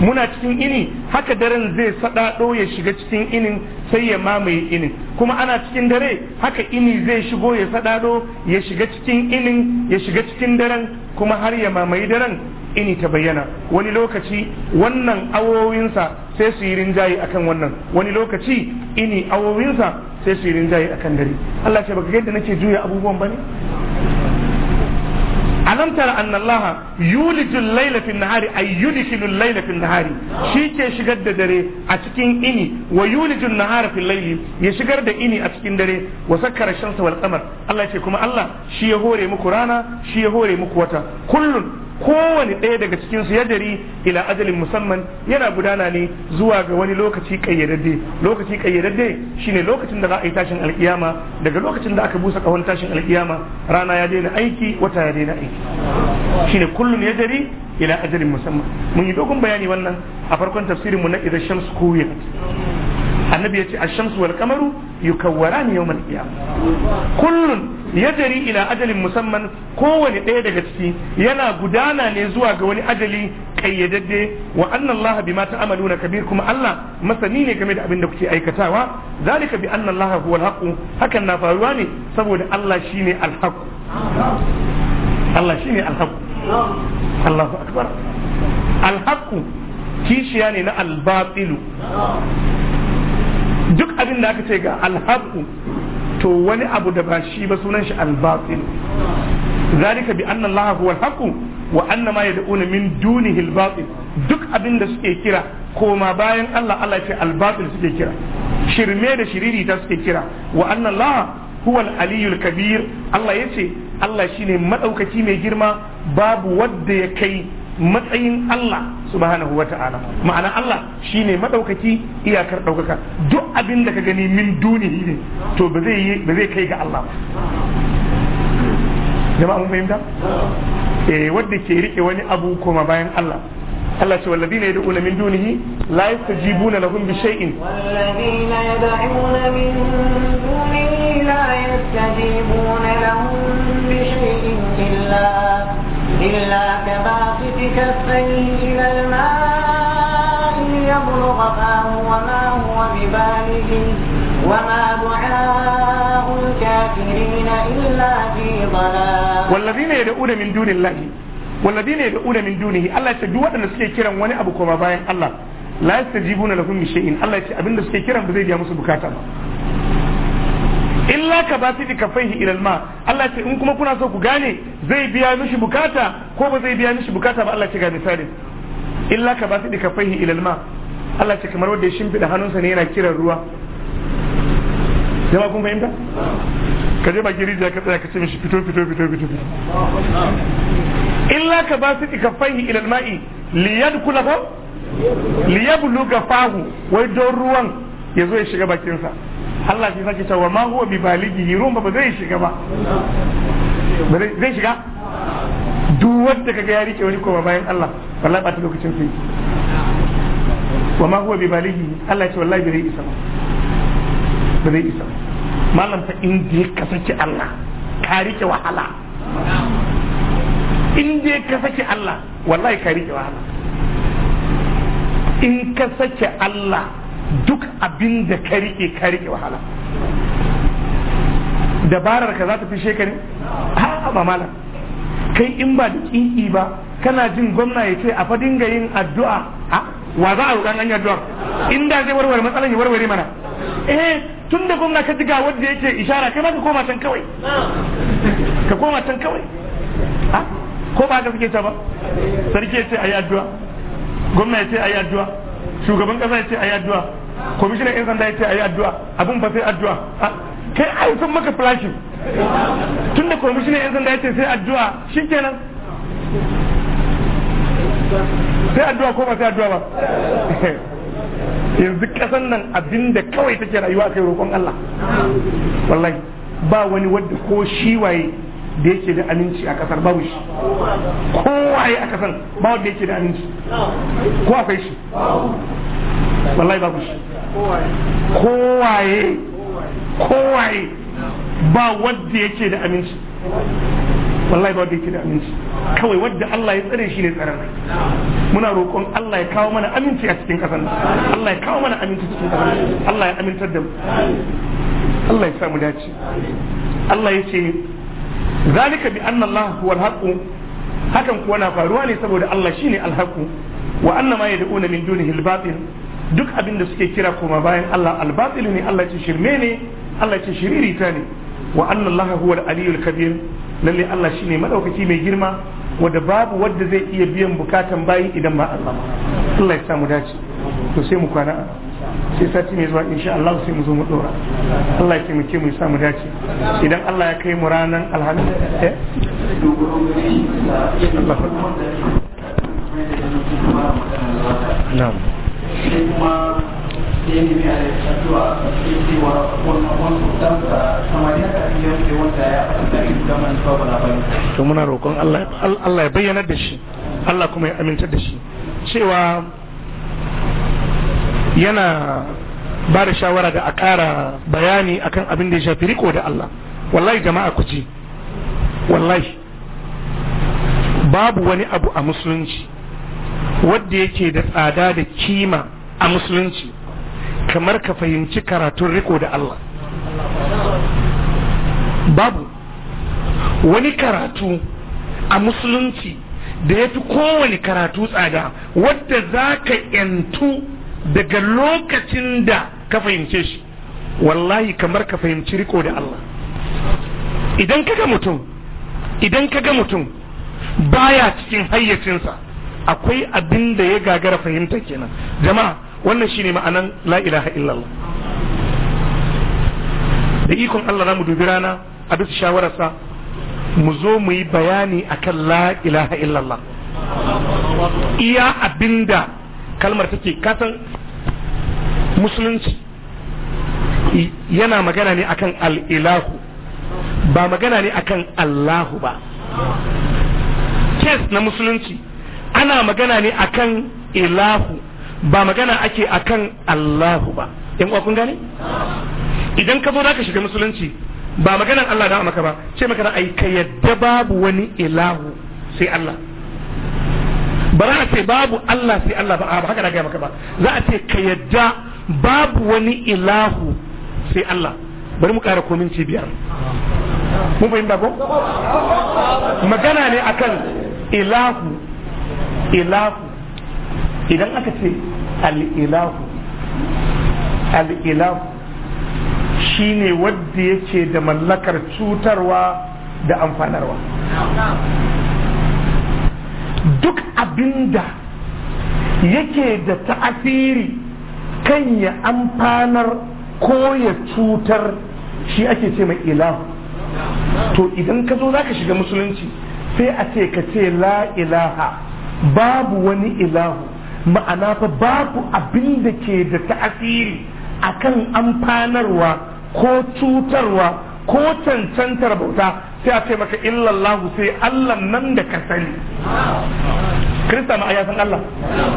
muna cikin ini haka daren zai saɗaɗo ya shiga cikin inin sai ya mamaye inin kuma ana cikin dare haka ini zai shigo ya saɗaɗo ya shiga cikin inin ya shiga cikin daren kuma har ya mamaye daren ini ta bayyana wani lokaci wannan awowinsa sai su yi rinjaye akan wannan wani lokaci ini awowinsa sai su yi rinjaye akan dare Allah ce baka yadda nake juya abubuwan bane alam tara anna Allah yulijul layla fil nahari ay yudkhilul layla fil nahari ke shigar da dare a cikin ini wa yulijul nahara fil layli ya shigar da ini a cikin dare wa sakkara shamsa wal qamar Allah ce kuma Allah shi ya hore muku rana shi ya hore muku wata kullun kowane ɗaya daga cikin su yajari ila ajalin musamman yana gudana ne zuwa ga wani lokaci kayyadadde lokaci kayyadadde shine lokacin da za a yi tashin alkiyama daga lokacin da aka busa kawon tashin alkiyama rana ya daina aiki wata ya daina aiki shine kullun yajari ila ajalin musamman mun yi dogon bayani wannan a farkon tafsirin mu na idan shamsu kuwiyat annabi yace ce shamsu wal qamaru yukawwarani yawmal qiyamah kullun yajri ila ajalin musamman kowane ɗaya daga ciki yana gudana ne zuwa ga wani ajali kayyadadde wa anna allaha bima ta'maluna kabir kuma Allah masani ne game da abin da kuke aikatawa zalika bi anna allaha huwal haqq hakan na faruwa ne saboda Allah shine al Allah shi ne alhaku. Allahu akbar Alhaku kishiya ne na al duk abin da aka ce ga alhaku to wani abu da ba shi ba sunan shi albatil zalika bi anna allaha huwa alhaqu wa anna ma yad'una min dunihi albatil duk abin da suke kira koma bayan Allah Allah ce albatil suke kira shirme da shiriri ta suke kira wa anna allaha huwa aliyul kabir Allah yace Allah shine madaukaki mai girma babu wanda ya kai matsayin Allah subhanahu ta'ala ma'ana Allah shine madaukaki iyakar daukaka duk abin da ka gani min dunihi ne to ba zai ba zai kai ga Allah jama'a mun fahimta eh wanda ke rike wani abu kuma bayan Allah Allah ce wallazi ne yad'una min dunihi la yastajibuna lahum bi shay'in wallazi ne yad'una min dunihi la yastajibuna lahum bi shay'in illa إلا كباسط كفيه إلى الماء ليبلغ فاه وما هو بباله وما دعاء الكافرين إلا في ضلال والذين يدعون من دون الله والذين يدعون من دونه الله يسجد وأن سكي كيرا وأنا أبو كما باين الله la yastajibuna lahum bi shay'in Allah ce abinda suke kiran ba zai biya musu bukata ba illa ka ba sidi ka faihi ilal ma Allah ce in kuma kuna so ku gane zai biya mishi bukata ko ba zai biya mishi bukata ba Allah ce ga misali illa ka ba sidi ka faihi ilal ma Allah ce kamar wanda ya shimfida hannunsa ne yana kiran ruwa jama'a kun fahimta ka je baki rijiya ka tsaya ka ce mishi fito fito fito fito fito illa ka ba sidi ka faihi ilal ma'i liyadkula liyabluga fahu wai don ruwan ya zo ya shiga bakinsa Allah shi sake cewa ma huwa bi balighi ruwan ba zai shiga ba zai shiga duk wanda kaga ya rike wani koma bayan Allah wallahi ba ta lokacin sai wa ma huwa bi balighi Allah ce wallahi bai isa ba bai isa malam ta in ka saki Allah ka rike wahala in dai ka saki Allah wallahi ka rike wahala in ka saki Allah duk abin da ka rike ka rike wahala dabarar ka za ta fi shekari ha ba malam kai in ba da ƙinƙi ba kana jin gwamna ya ce a fa dinga yin addu'a a wa za a roƙan an addu'a in da zai warware matsalar ya warware mana eh tun da gwamna ka jiga wanda yake ishara kai ma ka koma can kawai ka koma can kawai ko ba ka suke ta ba sarki ya ce ayi addu'a gwamna ya ce ayi addu'a shugaban kasa ya ce ayi addu'a commissioner yan sanda ya ce ayi addu'a abun ba sai addu'a kai ai sun maka flashin tunda commissioner yan sanda ya ce sai addu'a shikenan sai addu'a ko ba sai addu'a ba yanzu kasan nan abinda kawai take rayuwa kai roƙon Allah wallahi ba wani wanda ko shi waye da yake da aminci a kasar babu shi kowaye a kasar ba da yake da aminci ko akwai shi wallahi babu shi kowaye kowaye ba wadda yake da aminci wallahi ba wadda yake da aminci kawai wadda Allah ya tsare shi ne tsaron muna roƙon Allah ya kawo mana aminci a cikin ƙasar Allah ya kawo mana aminci cikin ƙasar Allah ya amintar da mu Allah ya samu dace Allah ya ce zalika bi anna Allah huwa al hakan kuwa na faruwa ne saboda Allah shine al-haqq wa anna ma yad'una min dunihi al-batil duk abin da suke kira koma bayan Allah al-batil ne Allah ce shirme ne Allah ce shiririta ne wa anna Allah huwa al-aliyyul kabir lalle Allah shine madaukaki mai girma wanda babu wanda zai iya biyan bukatan bayi idan ba Allah ba Allah ya samu dace to sai mu kwana sai sati mai zuwa insha Allah sai mu zo mu dora Allah ke mu samu dace idan Allah ya kai mu ranar alhamis eh na'am to muna roƙon Allah ya bayyana da shi Allah kuma ya amintar da shi cewa yana ba da shawara da a ƙara bayani akan abin da ya shafi riko da Allah wallahi jama'a ku ji wallahi babu wani abu a musulunci wadda yake da tsada da kima a musulunci kamar ka fahimci karatun riko da Allah babu wani karatu a musulunci da ya fi kowane karatu tsada wadda za ka yantu daga lokacin da ka fahimce shi wallahi kamar ka fahimci riko da Allah idan ga mutum idan kaga mutum baya cikin hayyacinsa akwai abin da ya gagara fahimta kenan jama'a wannan shine ma'anan la ilaha illallah da ikon Allah mu dubi rana a duk shawararsa mu zo mu yi bayani akan la ilaha illallah iya abinda kalmar take kasan musulunci yana magana ne akan al'ilahu ba magana ne akan allahu ba kes na musulunci ana magana ne akan ilahu ba magana ake akan allahu ba yan kun gane idan ka zo da ka shiga musulunci ba maganan allah da maka ba ce maka da ai ka yadda babu wani ilahu sai allah ba za a ce babu Allah sai Allah ba haka da gaya maka ba za a ce ka yadda babu wani ilahu sai Allah bari mu ƙara komin biyar mun fahimta ko magana ne akan ilahu ilahu idan aka ce al'ilahu al'ilahu shine wadda yake da mallakar cutarwa da amfanarwa duk abinda yake da ta'asiri kan ya amfanar ko ya cutar shi ake ce mai ilahu to idan ka zo za ka shiga musulunci sai a ce ka ce la ilaha babu wani ilahu ma'ana fa babu abin da ke da ta'asiri akan amfanarwa ko cutarwa ko cancantar bauta sai a ce maka illallahu sai Allah nan da ka sani Kirista ma ya san Allah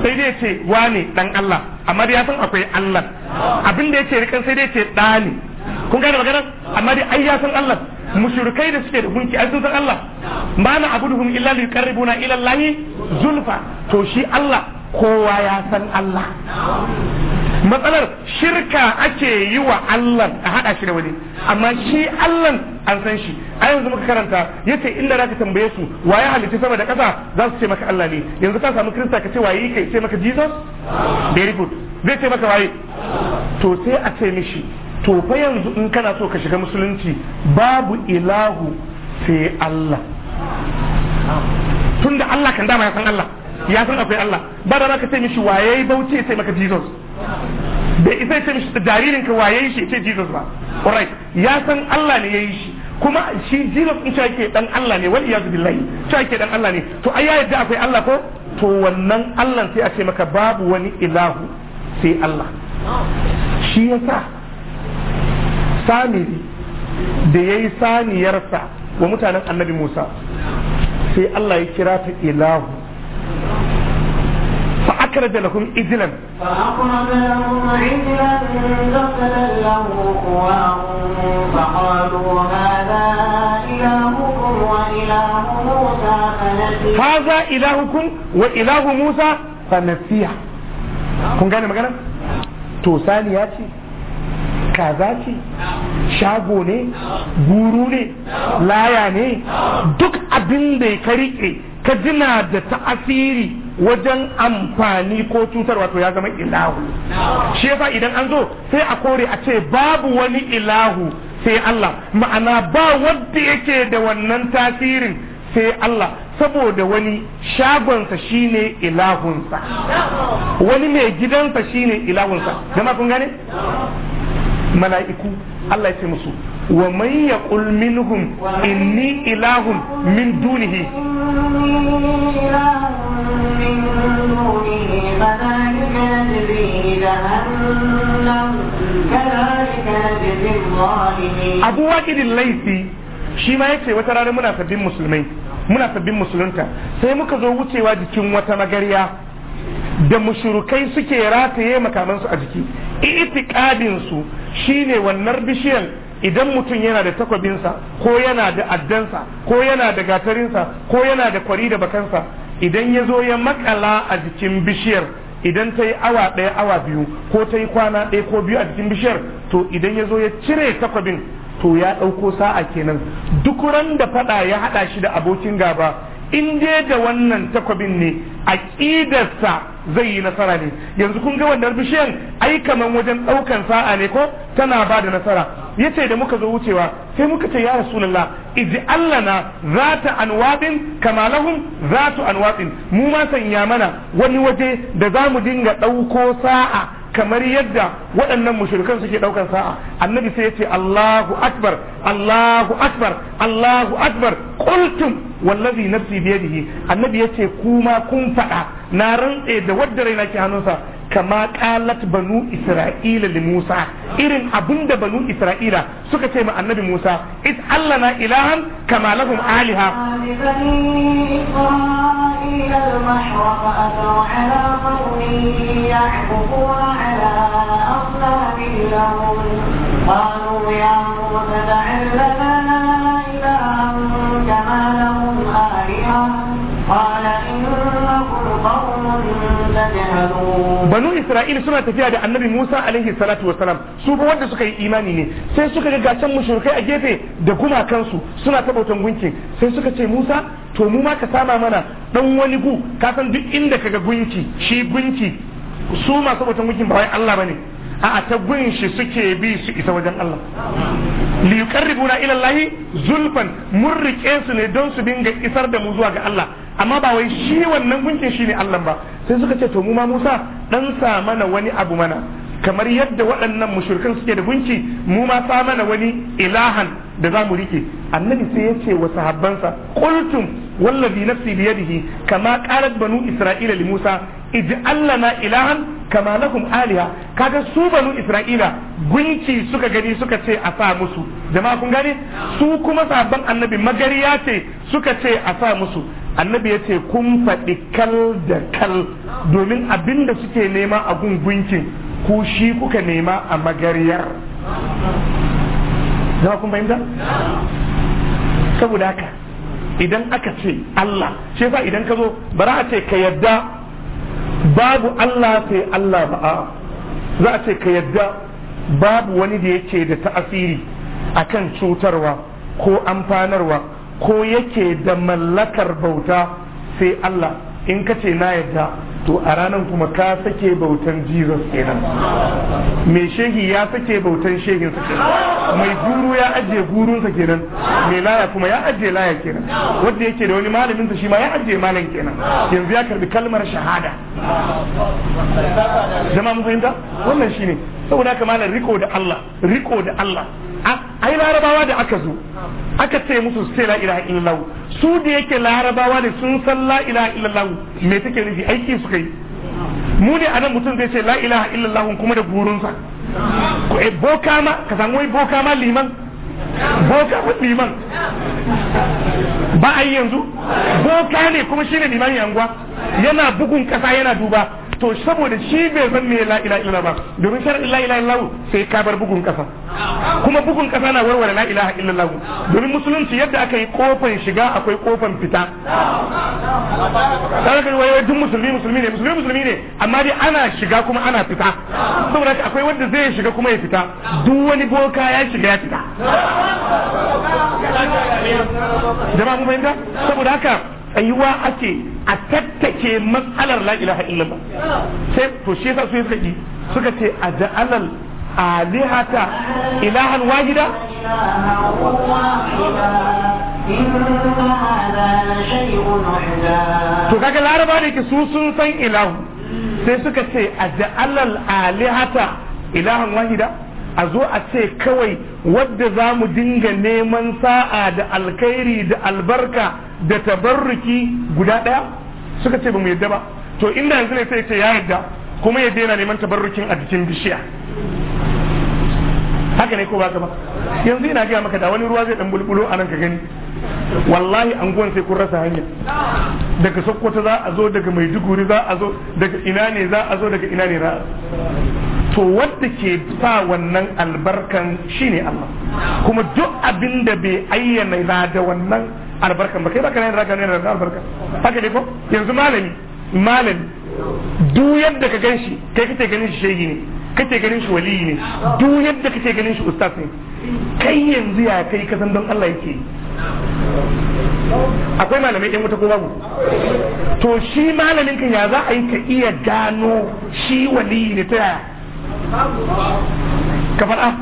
sai dai ce wane dan Allah amma dai ya san akwai Allah abin da yake rikan sai dai ce da ne kun gane maganar amma dai ai ya san Allah mushrikai da suke da gunki ai sun san Allah ma na abuduhum illa li yuqarribuna ila Allah zulfa to shi Allah kowa ya san Allah matsalar shirka ake yi wa Allah a haɗa shi da wani amma shi Allah an san shi a yanzu muka karanta yace inda zaka tambaye su waye halitta sama da ƙasa za su ce maka Allah ne yanzu ka samu Kirista ka ce waye kai ce maka Jesus very good zai ce maka waye to sai a ce mishi to fa yanzu in kana so ka shiga musulunci babu ilahu sai Allah tunda Allah kan dama ya san Allah ya san akwai Allah ba da ka ce mishi waye bauchi ya ce maka Jesus bai isa ce mishi jaririn ka waye shi ya ce Jesus ba alright ya san Allah ne ya yi shi kuma shi Jesus in cewa dan Allah ne wal iyazu billahi cewa yake dan Allah ne to ai ya yadda akwai Allah ko to wannan Allah sai a ce maka babu wani ilahu sai Allah shi yasa samiri da yayi saniyarsa wa mutanen annabi Musa sai Allah ya kira ta ilahu فأخرج لهم إجلا فأخرج لهم إجلا دخلا له خوار فقالوا هذا إلهكم وإله موسى فنسي هذا إلهكم وإله موسى فنسيه kun gane magana to saniya ce kaza ce shago ne guru ne laya ne duk abin da ka riƙe ka jina da ta'asiri wajen amfani ko cutar wato ya zama ilahu shi yasa idan an zo sai a kore a ce babu wani ilahu sai Allah ma'ana ba wanda yake da wannan tasirin sai Allah saboda wani shagonsa shine ilahunsa wani mai gidansa shine ilahunsa jama'a kun gane mala'iku Allah ya ce musu wa man yaqul minhum inni ilahun min dunihi abu waƙidin laifi shi ma ya wata rana muna sabbin musulmai muna sabbin musulunta sai muka zo wucewa jikin wata magarya da mushurukai suke rataye makamansu a jiki su shine wannan bishiyar idan mutum yana da takwabinsa ko yana da addansa ko yana da gatarinsa ko yana da kwari da bakansa idan ya zo ya makala a jikin bishiyar idan ta yi awa ɗaya awa biyu ko ta yi kwana ɗaya ko biyu a jikin bishiyar to idan ya zo ya cire takwabin to ya ɗauko sa'a kenan duk ran da faɗa ya haɗa shi da abokin gaba in dai da wannan takwabin ne aƙidarsa zai yi nasara ne yanzu kun ga wannan bishiyan ai kaman wajen ɗaukan sa'a ne ko tana ba da nasara yace da muka zo wucewa sai muka ce ya rasulullah na zata anwadin kama lahum zatu anwadin mu ma sanya mana wani waje da za mu dinga ɗauko sa'a kamar yadda waɗannan mushrikan suke ɗaukar sa'a annabi sai ya ce Allahu akbar Allahu akbar Allahu akbar qultum wallazi nafsi biyadihi annabi ya ce kuma kun faɗa na rantse da wadda raina ke hannunsa kama qalat banu isra'ila li musa irin abinda banu isra'ila suka ce ma annabi musa it allana ilahan kama lahum aliha من المحرم أتوا على قوم يعكفون على أصنام لهم قالوا يا موسى اجعل لنا إلها كما لهم آلهة قال banu isra'il suna tafiya da annabi musa alaihi salatu salam su ba wanda suka yi imani ne sai suka ga gashan mushrikai a gefe da gumakansu suna ta bautan gunki sai suka ce musa to mu ma ka sama mana dan wani gu ka san duk inda kaga gunki shi gunki su masu bautan gunki ba wai allah bane a ta gunshi shi suke bi su isa wajen Allah li yuqarribuna ila zulfan mun riƙe su ne don su dinga isar da mu zuwa ga Allah amma ba wai shi wannan gunkin ne Allah ba sai suka ce to mu ma Musa dan sa mana wani abu mana kamar yadda waɗannan mushrikan suke da gunki mu ma sa mana wani ilahan da za mu rike annabi sai ya ce wa sahabbansa qultum wallazi nafsi bi yadihi kama qalat banu isra'ila li musa ij'al lana ilahan kama lakum aliha kaga su banu isra'ila gunki suka gani suka ce a sa musu jama'a kun gane su kuma sahabban annabi magariya ce suka ce a sa musu annabi ya ce kun faɗi kal da kal domin abinda suke nema a gungunkin ku shi kuka nema a magariyar za kun fahimta saboda haka idan aka ce Allah ce fa idan ka zo bara a ce ka yadda babu Allah sai Allah ba a za a ce ka yadda babu wani da yake da ta'asiri akan cutarwa ko amfanarwa ko yake da mallakar bauta sai Allah in ka ce na yadda to a ranar kuma ka sake bautan jesus kenan mai shehi ya sake bautan shehinsa kenan mai guru ya ajiye gurunsa kenan mai laya kuma ya ajiye laya kenan wanda yake da wani malaminsa shi ma ya ajiye malam kenan yanzu ya karbi kalmar shahada jama'a mun fahimta wannan shine saboda haka malam riko da Allah riko da Allah ai larabawa da aka zo aka ce musu sai la ilaha illallah su da yake larabawa ne sun san la ilaha illallah me take nufi aiki su yi mu ne anan mutum zai ce la ilaha illallah kuma da burinsa ko e boka ma ka san wai boka ma liman boka ma liman ba ai yanzu boka ne kuma shine liman yanguwa yana bugun kasa yana duba to saboda shi bai san me la ilaha illallah ba domin shar'in la ilaha illallah sai ka bar bugun kasa kuma bugun kasa na warware la ilaha illallah domin musulunci yadda aka yi kofan shiga akwai kofan fita sai ka wai duk musulmi musulmi ne musulmi musulmi ne amma dai ana shiga kuma ana fita saboda akwai wanda zai shiga kuma ya fita duk wani boka ya shiga ya fita jama'a mu fahimta saboda haka tsayuwa ake a tattake matsalar la ilaha illallah sai to shi yasa sai saki suka ce a ja'alal alihata ilahan wahida to kaga laraba ne ki su sun san ilahu sai suka ce a ja'alal alihata ilahan wahida a zo a ce kawai wadda za mu dinga neman sa'a da alkhairi da albarka da tabarruki guda ɗaya suka ce ba mu yadda ba to inda yanzu ne sai ce ya yadda kuma ya yana neman tabarrukin a jikin bishiya haka ne ko ba ka ba yanzu ina gaya maka da wani ruwa zai dan bulbulo a nan ka gani wallahi anguwan sai kun rasa hanya daga sokoto za a zo daga maiduguri za a zo daga ina ne za a zo daga ina ne za a zo to wadda ke sa wannan albarkan shine Allah kuma duk abin da bai ayyana na da wannan albarkan ba kai baka nan raka ne da albarkan haka ne ko yanzu malami malami duk yadda ka ganshi kai kake ganin shi shegi ne kake ganin shi wali ne duk yadda kake ganin shi ustaz ne kai yanzu ya kai ka san don Allah yake akwai malamai ɗan wata ko babu to shi malamin kan ya za a yi ka iya gano shi wali ne ta yaya ka faɗa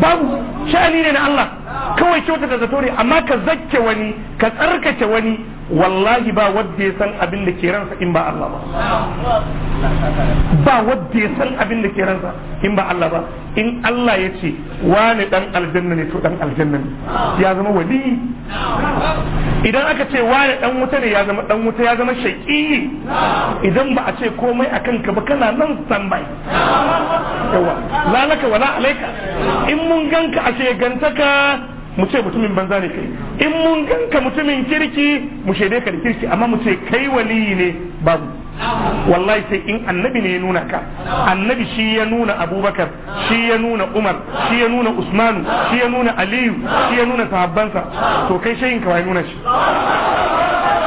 babu sha'ani ne na Allah kawai kyauta da zato ne amma ka zakke wani ka tsarkake wani wallahi ba wadda ya san abin da ke ransa in ba Allah ba ba wadda ya san abin da ke ransa in ba Allah ba in Allah ya ce wani dan aljanna ne to dan aljanna ne ya zama wali idan aka ce wani dan wuta ne ya zama dan wuta ya zama shaqi idan ba a ce komai akan ka ba kana nan standby yawa lalaka wala alaika in mun ganka ce gantaka Muce ce mutumin banza ne kai in mun ganka mutumin kirki mu shaide ka da kirki amma mu ce kai waliyi ne babu wallahi sai in annabi ne ya nuna ka annabi shi ya nuna abubakar shi ya nuna umar shi ya nuna usmanu shi ya nuna aliyu shi ya nuna sahabbansa to kai shayin ka wai nuna shi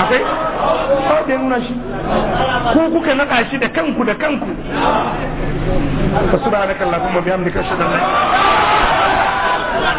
akwai ba da ya nuna shi ko kuka naɗa shi da kanku da kanku فسبحانك اللهم وبحمدك اشهد ان لا اله الا انت